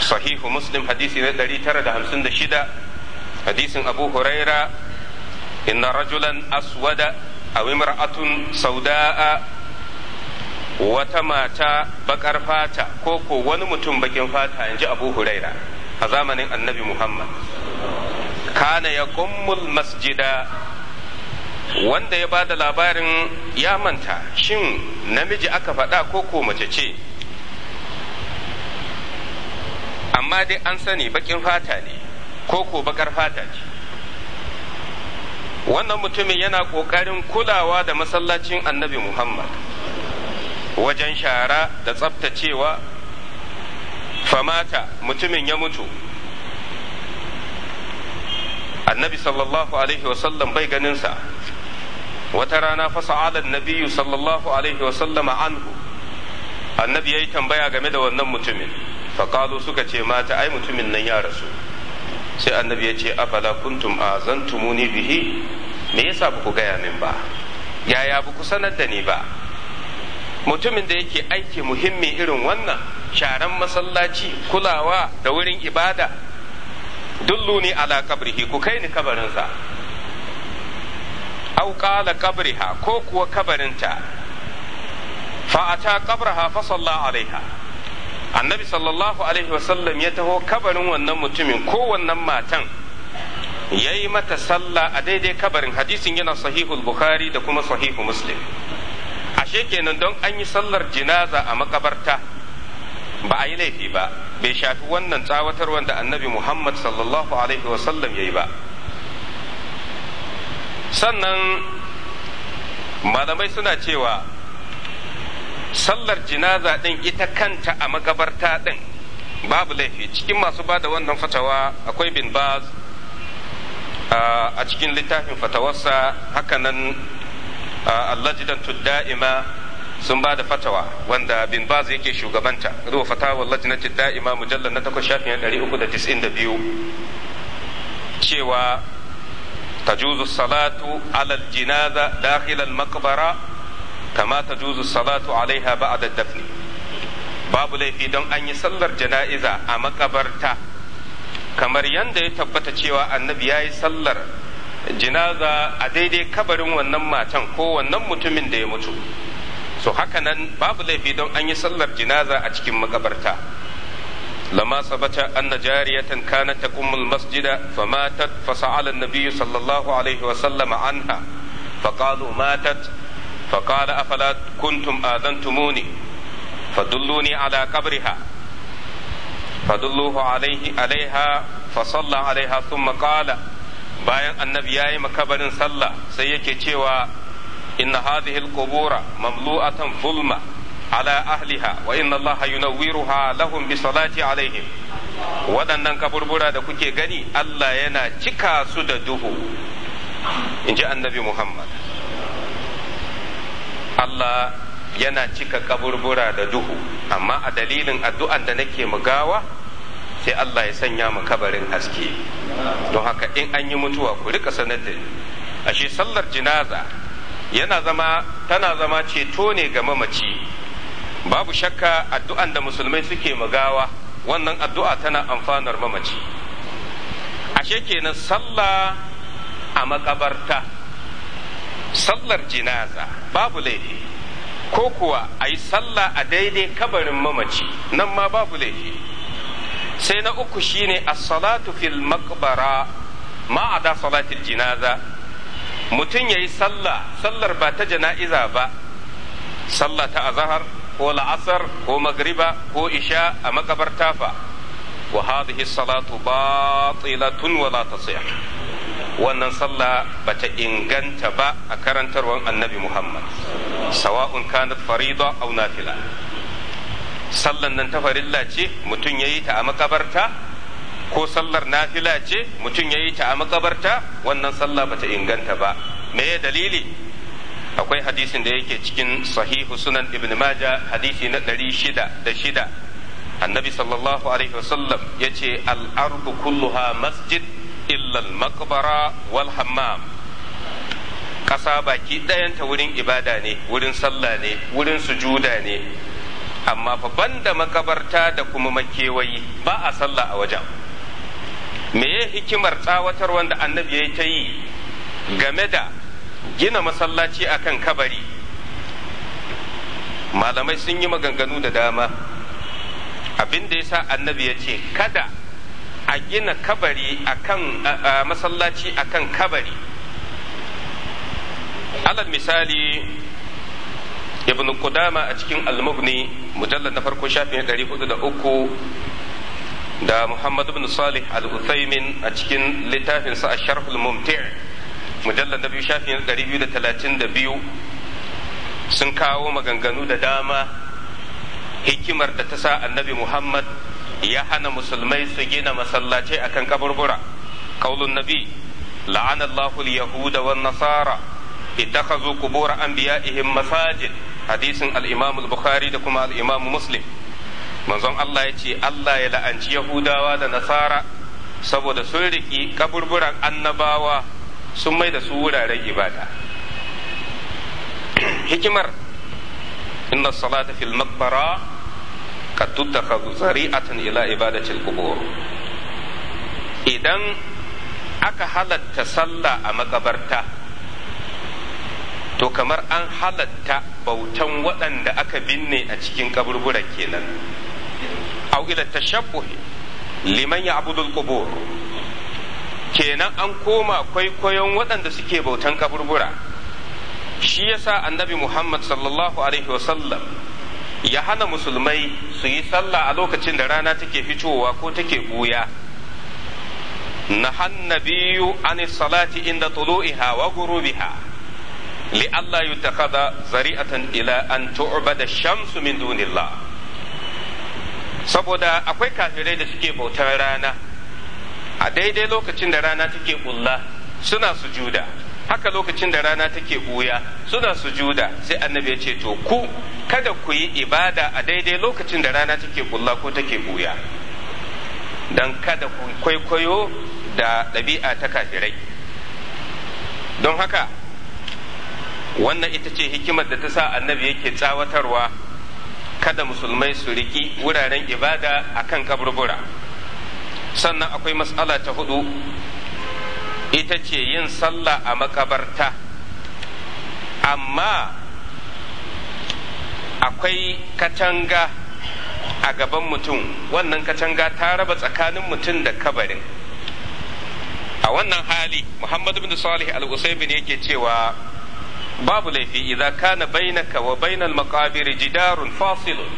sahihu muslim hadisi na 956 hadisin abu huraira inna rajulan aswada aw imra'atun sauda'a wata mata bakar fata ko ko wani mutum bakin fata in ji abu huraira a zamanin annabi muhammad kana ya masjida wanda ya bada labarin ya manta shin namiji aka faɗa ko ko mace ce amma dai an sani bakin fata ne ko ko bakar fata ce wannan mutumin yana ƙoƙarin kulawa da masallacin annabi muhammad wajen shara da tsaftacewa famata mutumin ya mutu annabi sallallahu alaihi wasallam bai ganinsa wata rana fasa'alar nabiyu sallallahu alaihi wasallam anhu annabi ya yi tambaya game da wannan mutumin faƙalo suka ce mata ai mutumin nan ya rasu sai annabi ya ce afala kuntum azantumuni bihi me yasa ba ku gaya min ba yaya ba ku sanar da ni ba mutumin da yake aiki muhimmi irin wannan sharan masallaci kulawa da wurin ibada dulluni ala kabrihi ku kai ni kabarinsa au qala kabriha ko kuwa kabarinta fa ata kabraha fa sallallahu alaiha annabi sallallahu alaihi wasallam ya taho kabarin wannan mutumin ko wannan matan ya yi mata sallah a daidai kabarin hadisin yana sahihul bukhari da kuma sahihu muslim ashe kenan don an yi sallar jinaza a makabarta ba a yi laifi ba bai shafi wannan tsawatar wanda annabi muhammad sallallahu alaihi wasallam ya yi ba sannan malamai suna cewa sallar jinaza din ita kanta a magabarta din babu laifi cikin masu ba da wannan fatawa akwai bin baz a cikin littafin fatawarsa hakanan allajidatu da'ima sun ba da fatawa wanda bin baz yake shugabanta ruwa fatawa allajidatu da'ima mujallar na takwas shafin 392 cewa tajuzu salatu alal jinaza dakhilal maqbara kama ta juzu salatu alaiha ba'da dafni babu laifi don an yi sallar jana'iza a makabarta kamar yadda ya tabbata cewa annabi ya yi sallar jinaza a daidai kabarin wannan matan ko wannan mutumin da ya mutu so haka nan babu laifi don an yi sallar jinaza a cikin makabarta لما ثبت أن masjida كانت تقوم المسجد فماتت فسأل النبي صلى الله عليه anha fa فقالوا ماتت فقال أفلا كنتم آذنتموني فدلوني على قبرها فدلوه عليه عليها فصلى عليها ثم قال bayan annabi ya yi makabarin sallah sai yake cewa inna hadhihi alqubura mamlu'atan zulma ala ahliha wa inna allaha yunawwiruha lahum bi salati alaihim waɗannan kaburbura da kuke gani Allah yana cika su da duhu in ji annabi Muhammad Allah yana cika kaburbura da duhu amma a dalilin addu'an da nake gawa sai Allah ya sanya mu kabarin haske don haka in an yi mutuwa ku rika sanar da ashe sallar jinaza yana zama tana zama ceto ne ga mamaci babu shakka addu'an da musulmai suke gawa wannan addu'a tana amfanar mamaci ashe kenan sallah a makabarta sallar jinaza babu laifi ko kuwa a yi sallah a daidai kabarin mamaci nan ma babu laifi sai na uku shine a salatu fil maqbara ma ada salatil jinaza mutum ya yi sallah sallar ba ta jana'iza ba sallah ta azahar ko la'asar ko magriba ko isha a makabarta fa wa hadhihi salatu batilatun wa la tasih wannan sallah bata inganta ba a karantarwar annabi Muhammad sawa'un kanat farida aw nafila sallan nan ta farilla ce mutum yi ta a makabarta ko sallar nafila ce mutum yayi ta a makabarta wannan sallah bata inganta ba me ya dalili akwai hadisin da yake cikin sahihu sunan ibn maja hadisi na ɗari shida da shida annabi sallallahu alaihi wasallam ya ce al'ardu kulluha masjid illal makbara wal hammam ƙasa baki ɗayanta wurin ibada ne wurin sallah ne wurin sujuda ne amma fa banda makabarta da kuma makewayi ba a sallah a wajen meye hikimar tsawatar wanda annabi ya ta yi game da gina masallaci akan kabari malamai sun yi maganganu da dama abin da ya sa annabi ya ce kada a gina kabari akan masallaci akan kabari alal misali ibn Kudama a cikin al-mughni mujallad na farko shafin 403 da muhammad ibn salih al-uthaymin a cikin littafin sa sharh al-mumti' mujallad na biyu shafin 232 sun kawo maganganu da dama hikimar da ta sa annabi muhammad ya hana musulmai su gina a akan kaburbura qaulun nabi la'ana Allahu al-yahuda wan nasara ittakhadhu qubur anbiya'ihim masajid hadisin al-imam al-bukhari da kuma al-imam muslim manzon Allah ya ce Allah ya la'anci yahudawa da nasara saboda sun riki kaburburan annabawa sun mai da su wuraren ibada hikimar inna salata fil maqbara kad tuttakhadhu zari'atan ila ibadatil qubur idan aka halatta sallah a makabarta to kamar an halatta bautan waɗanda aka binne a cikin kaburburan kenan au ila tashabbuhi liman ya'budul qubur kenan an koma kwaikwayon waɗanda suke bautan kaburbura shi yasa annabi Muhammad sallallahu alaihi wasallam ya hana musulmai su yi sallah a lokacin da rana take fitowa ko take buya نهى النبي salati inda tulu'iha wa وغروبها li يتخذ yutakhadha zari'atan ila an tu'bada shamsu min dunillah saboda akwai kafirai da suke bautar rana a daidai lokacin da rana take bulla suna sujuda haka lokacin da rana take buya suna sujuda sai annabi ya ce to ku kada ku yi ibada a daidai lokacin da rana take bulla ko take buya don kada ku kwaikwayo da ɗabi'a ta kafirai don haka wannan ita ce hikimar da ta sa annabi yake tsawatarwa kada musulmai su riki wuraren ibada a kan kaburbura sannan akwai matsala ta hudu ita ce yin sallah a makabarta amma akwai katanga a gaban mutum wannan katanga ta raba tsakanin mutum da kabarin a wannan hali muhammadu bin salih al-usaibin yake cewa babu laifi idan kana bainaka wa bainal maqabir jidarun fasilun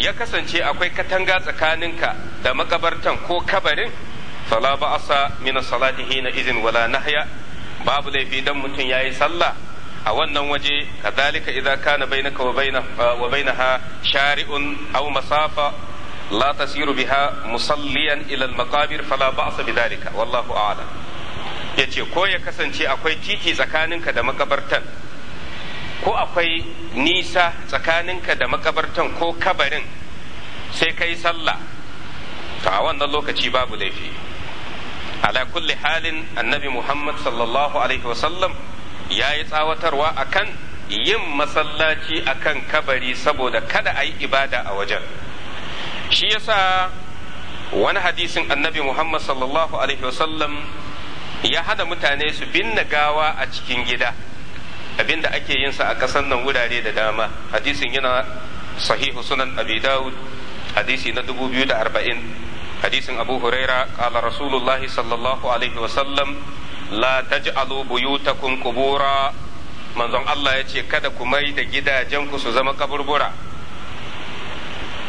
ya kasance akwai katanga tsakaninka da makabartan ko kabarin fala ba'asa nahya babu laifi dan mutum yayi sallah a wannan waje kadhalika idza kana bainaka wa biha musalliyan ila al yace ko ya kasance akwai titi tsakaninka da makabartan ko akwai nisa tsakaninka da makabartan ko kabarin sai kai sallah to a wannan lokaci babu laifi ala kulli halin annabi muhammad sallallahu alaihi wasallam ya yi tsawatarwa akan yin masallaci akan kabari saboda kada ayi ibada a wajen shi yasa wani hadisin annabi muhammad sallallahu alaihi wasallam ya hada mutane su binne gawa a cikin gida abinda ake yin sa a ƙasar nan wurare da dama hadisin yana sahihu sunan abi dawud hadisi na 2040 hadisin abu huraira qala rasulullahi sallallahu alaihi wasallam la taj'alu buyutakum qubura manzon Allah yace ce kada ku mai gidajenku su zama kaburbura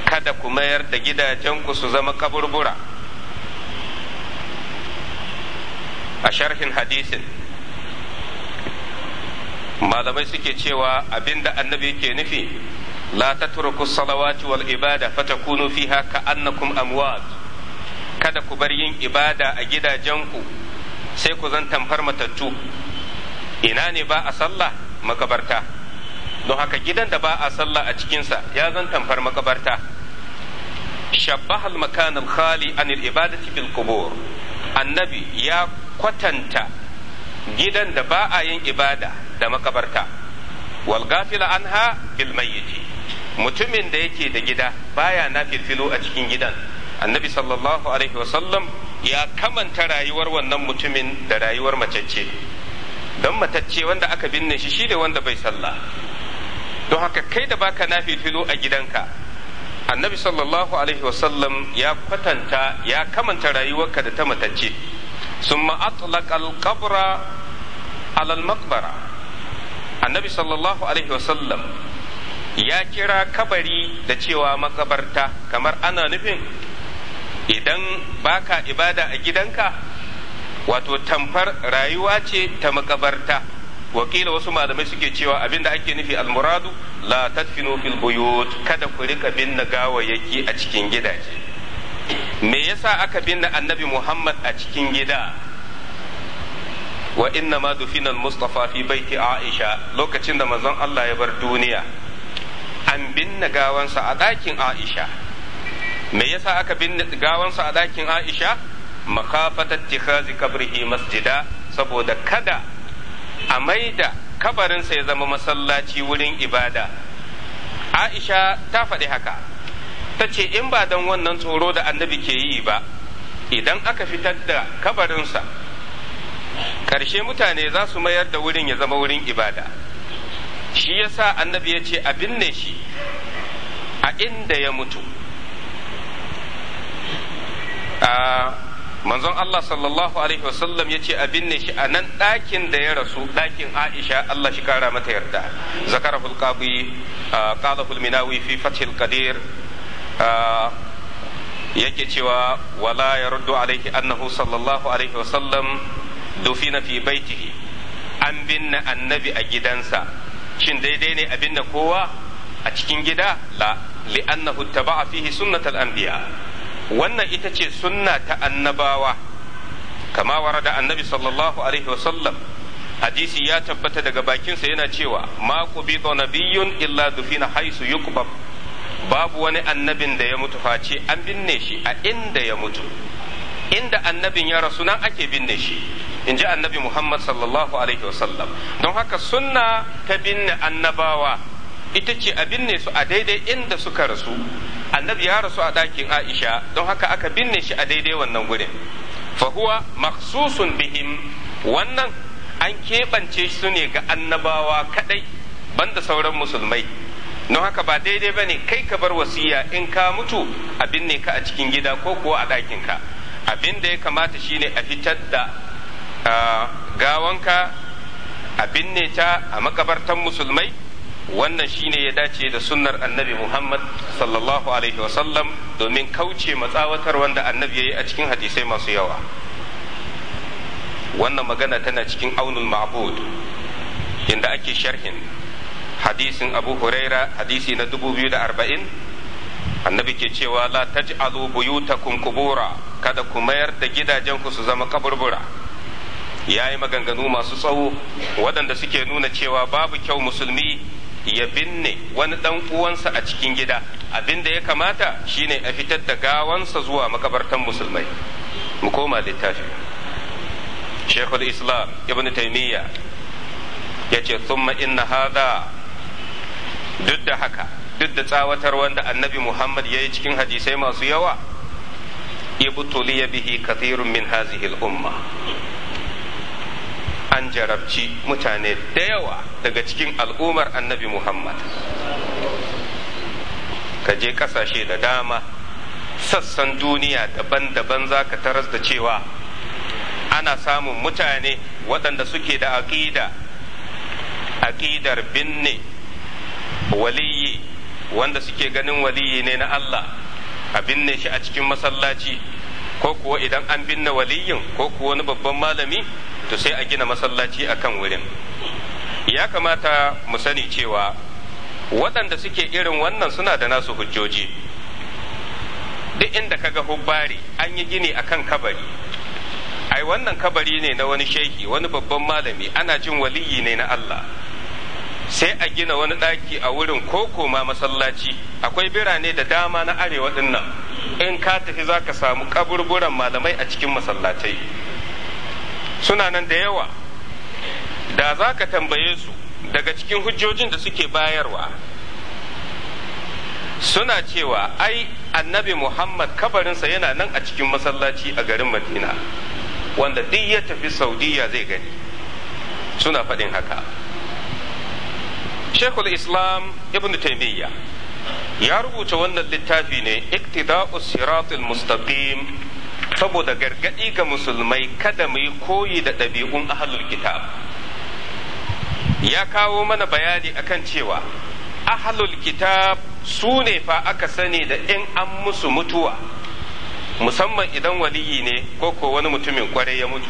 kada ku mayar da gidajenku su zama kaburbura a sharhin hadisin malamai suke cewa abinda annabi ke nufi la tatruku salawati wal ibada fatakunu fiha ka'annakum amwat kada ku bar yin ibada a gidajenku sai ku zan tamfar matattu ina ne ba a sallah makabarta don haka gidan da ba a sallah a cikinsa ya zan tamfar makabarta shabbahal makanal khali anil ibadati bil Kubur annabi ya kwatanta gidan da ba a yin ibada da makabarta wal gafila anha bil mayyiti mutumin da yake da gida baya na filfilo a cikin gidan annabi sallallahu alaihi wasallam ya kamanta rayuwar wannan mutumin da rayuwar macece don matacce wanda aka binne shi shi ne wanda bai sallah don haka kai da baka nafi filo a gidanka annabi sallallahu alaihi wasallam ya kwatanta ya kamanta rayuwarka da ta matacce sun ma'atlaƙa alƙabra alal makbara annabi sallallahu alaihi wasallam ya kira kabari da cewa makabarta kamar ana nufin idan baka ibada a gidanka wato tamfar rayuwa ce ta makabarta wakila wasu malamai suke cewa abinda ake nufi almuradu la tadfinu fil buyut kada ku rika binne gawayyaki a cikin gidaje me yasa aka binne annabi muhammad a cikin gida wa inna ma dufina mustafa fi baiti aisha lokacin da manzon allah ya bar duniya an binne gawansa a ɗakin aisha me yasa aka binne gawansa a ɗakin Aisha makafata tikhazi kabrihi masjida saboda kada a maida kabarinsa ya zama masallaci wurin ibada Aisha ta faɗi haka ta ce in ba don wannan tsoro da annabi ke yi ba idan aka fitar da kabarinsa karshe mutane za su mayar da wurin ya zama wurin ibada shi yasa annabi ya ce a binne shi a inda ya mutu manzon Allah sallallahu alaihi wasallam ya ce a binne shi a nan ɗakin da ya rasu ɗakin Aisha Allah shi kara mata yarda zakarahul qabi qala minawi fi fathil qadir yake cewa wala yaruddu alaihi annahu sallallahu alaihi wasallam dufina fi baitihi an binne annabi a gidansa shin daidai ne a binne kowa a cikin gida la li'annahu taba'a fihi sunnatal anbiya wannan ita ce sunna ta annabawa kama warada annabi sallallahu alaihi wasallam hadisi ya tabbata daga bakin bakinsa yana cewa ma qubida nabiyyun illa dufina haisu yukbab babu wani annabin da ya mutu face an binne shi a inda ya mutu inda annabin ya rasu nan ake binne shi in ji annabi muhammad sallallahu alaihi wasallam don haka sunna ta binne annabawa ita ce a binne su a daidai inda suka rasu annabi ya rasu a ɗakin aisha don haka aka binne shi a daidai wannan gurin fahuwa maksusun bihim wannan an keɓance su ne ga annabawa kaɗai banda sauran musulmai don haka ba daidai ba ne kai ka bar wasiya in ka mutu a binne ka a cikin gida ko kuwa a ɗakinka abin da ya kamata shine a fitar da ah, gawanka a binne ta a makabartan musulmai wannan shine ya dace da sunnar annabi Muhammad sallallahu alaihi wasallam domin kauce matsawatar wanda annabi ya yi a cikin hadisai masu yawa wannan magana tana cikin aunul ma'bud inda ake sharhin hadisin abu huraira hadisi na 2040 annabi ke cewa la taj'alu buyutakum kubura kada ku mayar da gidajenku su zama kaburbura ya yi maganganu masu tsawo waɗanda suke nuna cewa babu kyau musulmi ya binne wani dan uwansa a cikin gida abin da ya kamata shine a fitar da gawansa zuwa makabartan musulmai mu koma littafi shekul islam ibn taimiyya ya ce thumma inna hada duk da haka duk da tsawatar wanda annabi muhammad ya yi cikin hadisai masu yawa ibtuliya bihi kathirun min hazihi umma an jarabci mutane da yawa daga cikin al'ummar annabi Muhammad. Ka je ƙasashe da dama, sassan duniya daban-daban za ka taras da cewa ana samun mutane waɗanda suke da aƙida, aƙidar binne, waliyi, wanda suke ganin waliyi ne na Allah, a binne shi a cikin masallaci. ko kuwa idan an binne waliyin ko kuwa wani babban malami to sai a gina masallaci akan wurin ya kamata mu sani cewa waɗanda suke irin wannan suna da nasu hujjoji duk inda ka ga hubbari an yi gini a kan kabari ai wannan kabari ne na wani shehi wani babban malami ana jin waliyi ne na Allah sai a gina wani ɗaki a wurin ko koma masallaci akwai birane da dama na arewa dinnan in ka tafi za ka samu kaburburan malamai a cikin masallatai suna nan da yawa da za ka tambaye su daga cikin hujjojin da suke bayarwa suna cewa ai annabi muhammad kabarinsa yana nan a cikin masallaci a garin madina wanda duk ya tafi saudiya zai gani suna faɗin haka shekul islam ibn taimiyya ya rubuta wannan littafi ne iktida'us siratul mustaqim saboda gargadi ga musulmai kada mu yi koyi da ɗabi'un ahlul kitab ya kawo mana bayani akan cewa ahlul kitab su ne fa aka sani da in an musu mutuwa musamman idan waliyi ne ko ko wani mutumin kwarai ya mutu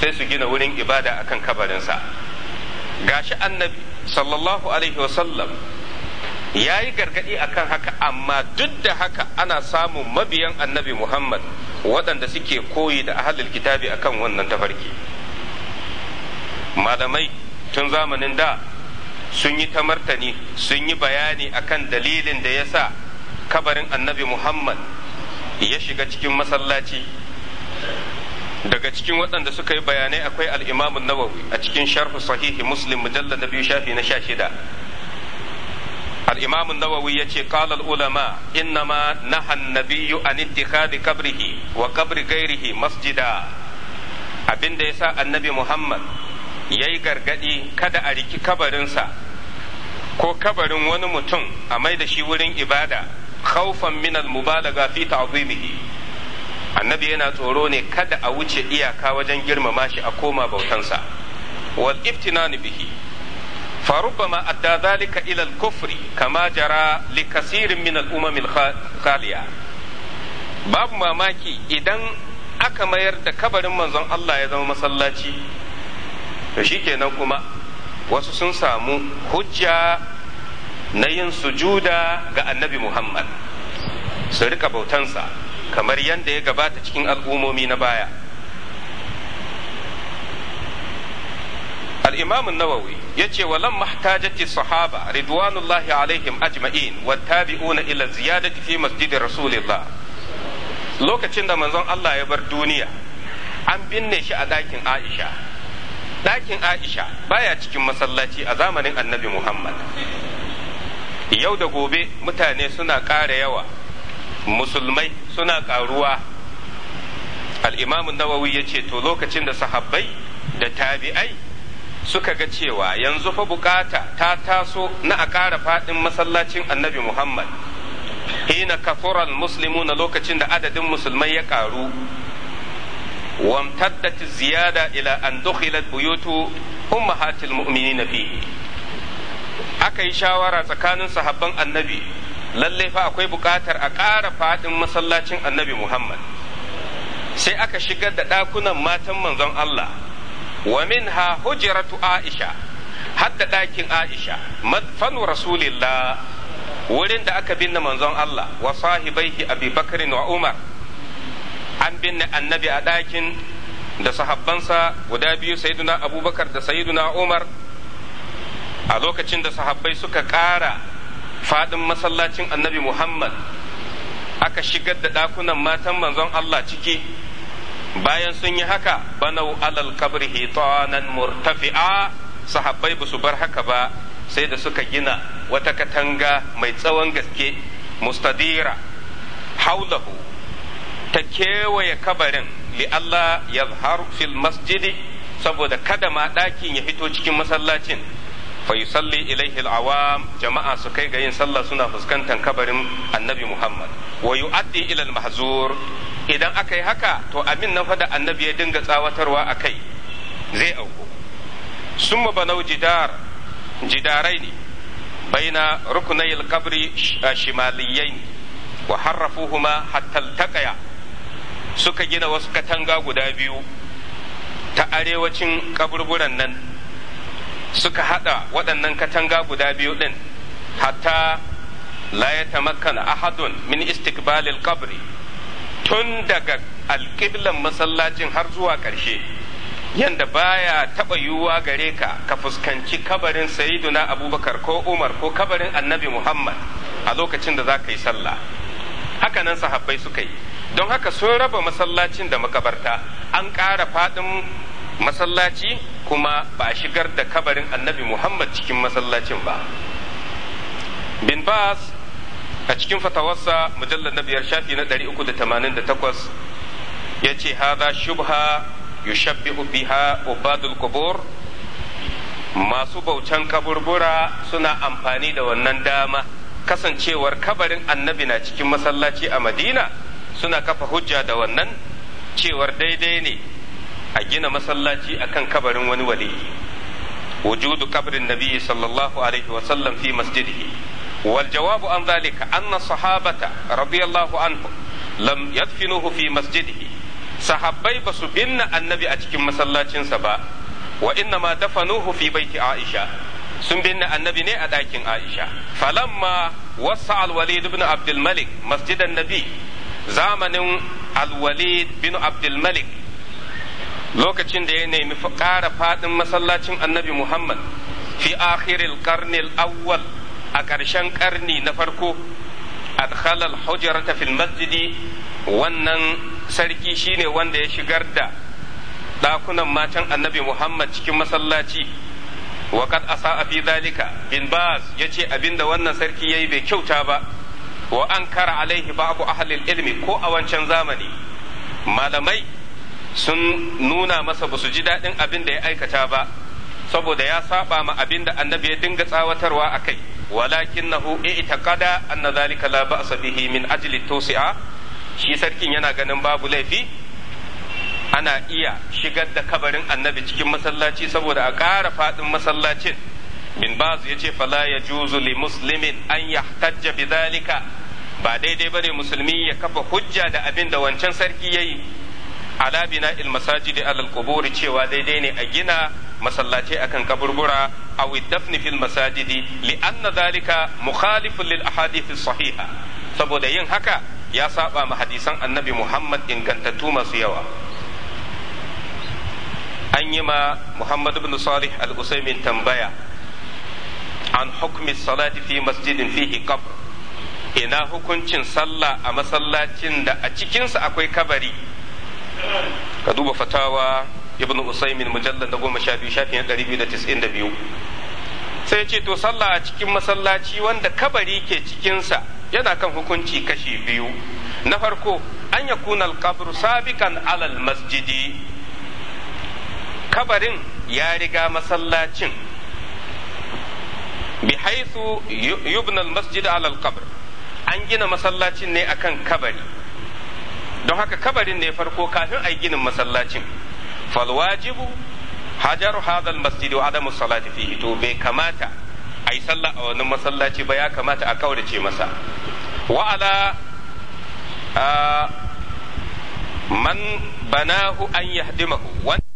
sai su gina wurin ibada akan kabarinsa gashi annabi sallallahu alaihi wasallam ya yi gargaɗi akan haka amma duk da haka ana samun mabiyan annabi muhammad waɗanda suke koyi da ahalul kitabi akan wannan tafarki malamai tun zamanin da sun yi ta martani sun yi bayani akan dalilin da ya sa kabarin annabi muhammad ya shiga cikin masallaci daga cikin waɗanda suka yi bayanai akwai al'imamun nawawi a cikin sharhu sahihi muslim mujalla na biyu shafi na sha shida al'imamun nawawi ya ce ƙalal ulama innama nahan nabiyyu an ittikhadi kabrihi wa kabri gairihi masjida abinda ya sa annabi muhammad ya yi gargaɗi kada a riki kabarinsa ko kabarin wani mutum a mai da shi wurin ibada khawfan minal mubalaga fi ta'zimihi annabi yana tsoro ne kada a wuce iyaka wajen girmama shi a koma bautansa wal iftinanu bihi فربما أدى ذلك إلى الكفر كما جرى لكثير من الأمم الخالية باب mamaki idan aka mayar da kabarin manzon Allah ya zama masallaci to shikenan kuma wasu sun samu hujja na yin sujuda ga annabi Muhammad su rika bautansa kamar yadda ya gabata cikin al'ummomi na baya الإمام النووي يتي ولما احتاجت الصحابة رضوان الله عليهم أجمعين والتابعون إلى na في مسجد رسول الله lokacin da manzon Allah ya bar duniya an binne shi a ɗakin Aisha dakin Aisha baya cikin masallaci a zamanin annabi Muhammad yau da gobe mutane suna ƙara yawa musulmai suna karuwa al'imamun nawawi ya ce to lokacin da sahabbai da tabi'ai suka ga cewa yanzu fa bukata ta taso na a ƙara faɗin masallacin annabi muhammad hina kafuran musulmi na lokacin da adadin musulmai ya ƙaru wamtaddat ziyada ila an dukhilat buyutu ummahatil mu'minina fi aka yi shawara tsakanin sahabban annabi Lallai fa akwai buƙatar a ƙara faɗin masallacin annabi Muhammad sai aka shigar da ɗakunan matan manzon Allah wa ha hujratu Aisha hadda ɗakin Aisha madfanu rasulillah wurin da aka binne manzon Allah wa sahibaihi Abi Bakr wa Umar an binne annabi a ɗakin da sahabbansa guda biyu sayyiduna Abubakar da sayyiduna Umar a lokacin da sahabbai suka ƙara faɗin masallacin annabi Muhammad aka shigar da ɗakunan matan manzon Allah ciki bayan sun yi haka banau alal kabri hitanan murtafi'a sahabbai ba su bar haka ba sai da suka gina wata katanga mai tsawon gaske mustadira haulahu ta kewaye kabarin li Allah ya fil masjidi saboda kada ma ɗakin ya fito cikin masallacin fa yusalli ilaihi al-awam jama'a su kai ga yin sallah suna fuskantar kabarin annabi Muhammad wa yu'addi ila al-mahzur idan aka yi haka to abin nan fa da annabi ya dinga tsawatarwa a kai. zai auku mu banau jidar jidarai ne baina rukunai al-qabri ne. wa harrafuhuma hatta al-taqaya suka gina wasu katanga guda biyu ta arewacin kaburburan nan suka hada waɗannan katanga guda biyu ɗin hatta la ya tamakkana ahadun min istiqbalil qabri tun daga alƙiblan masallacin har zuwa ƙarshe yanda baya taɓa yiwuwa gare ka ka fuskanci kabarin sayiduna abubakar ko umar ko kabarin annabi muhammad a lokacin da za ka yi sallah haka nan sahabbai suka yi don haka sun raba masallacin da makabarta an ƙara faɗin masallaci kuma ba a shigar da kabarin annabi muhammad cikin masallacin ba bin bas a cikin fatawarsa mujallar na biyar shafi na 388 ya ce haza shubha yushabbihu biha ubadul kubur masu bautan kaburbura suna amfani da wannan dama kasancewar kabarin annabi na cikin masallaci a madina suna kafa hujja da wannan cewar daidai ne a gina masallaci akan kabarin wani waliyi wujudu kabrin nabiyyi sallallahu alaihi wa sallam fi masjidihi wal jawabu an zalika anna sahabata radiyallahu anhu lam yadfinuhu fi masjidihi sahabbai basu binne annabi a cikin masallacinsa ba wa inna ma dafanuhu fi baiti aisha sun binne annabi ne a ɗakin aisha falamma wasa alwalid ibn abdul malik masjidan nabi zamanin alwalid bin abdul malik lokacin da ya nemi ƙara faɗin masallacin annabi Muhammad fi akhiril karnil awwal a ƙarshen ƙarni na farko adkhala al-hujrata fil masjidi wannan sarki shine wanda ya shigar da ɗakunan matan annabi Muhammad cikin masallaci wa qad asaa fi zalika bin bas yace abinda wannan sarki yayi bai kyauta ba wa ankara alaihi babu ahlil ilmi ko a wancan zamani malamai sun nuna masa ba su ji daɗin abin da ya aikata ba saboda ya saba ma abin da annabi ya dinga tsawatarwa a kai Walakin walakinnahu i'taqada anna zalika la ba'sa min ajili tosi'a shi sarkin yana ganin babu laifi ana iya shigar da kabarin annabi cikin masallaci saboda a ƙara faɗin masallacin Min ba ya ce fala ya juzu li muslimin an yahtajja bi zalika ba daidai ba ne musulmi ya kafa hujja da abin da wancan sarki ya yi. ala bina il masajidi alal qubur cewa daidai ne a gina masallatai akan kaburbura aw dafni fil masajidi li anna dhalika mukhalifun lil ahadith sahiha saboda yin haka ya saba ma hadisan annabi Muhammad ingantattu masu yawa an yi ma Muhammad ibn Salih al-Usaimin tambaya an hukmi salati fi masjidin fihi qabr ina hukuncin sallah a masallacin da a cikinsa akwai kabari ka duba fatawa ibn usaimin mujallar da goma sha biyu na ɗari biyu da tis'in da biyu sai ce to sallah a cikin masallaci wanda kabari ke cikinsa yana kan hukunci kashi biyu na farko an ya kuna alkabru sabikan alal masjidi kabarin ya riga masallacin bi haithu yubnal masjid alal kabr an gina masallacin ne akan kabari don haka kabarin ne farko kafin a ginin masallacin falwajibu hajaru hadal masjidi wa adamu salati fihi to bai kamata a yi sallah a wani masallaci ba ya kamata a kaurace masa wa ala ah, man banahu an yahdimahu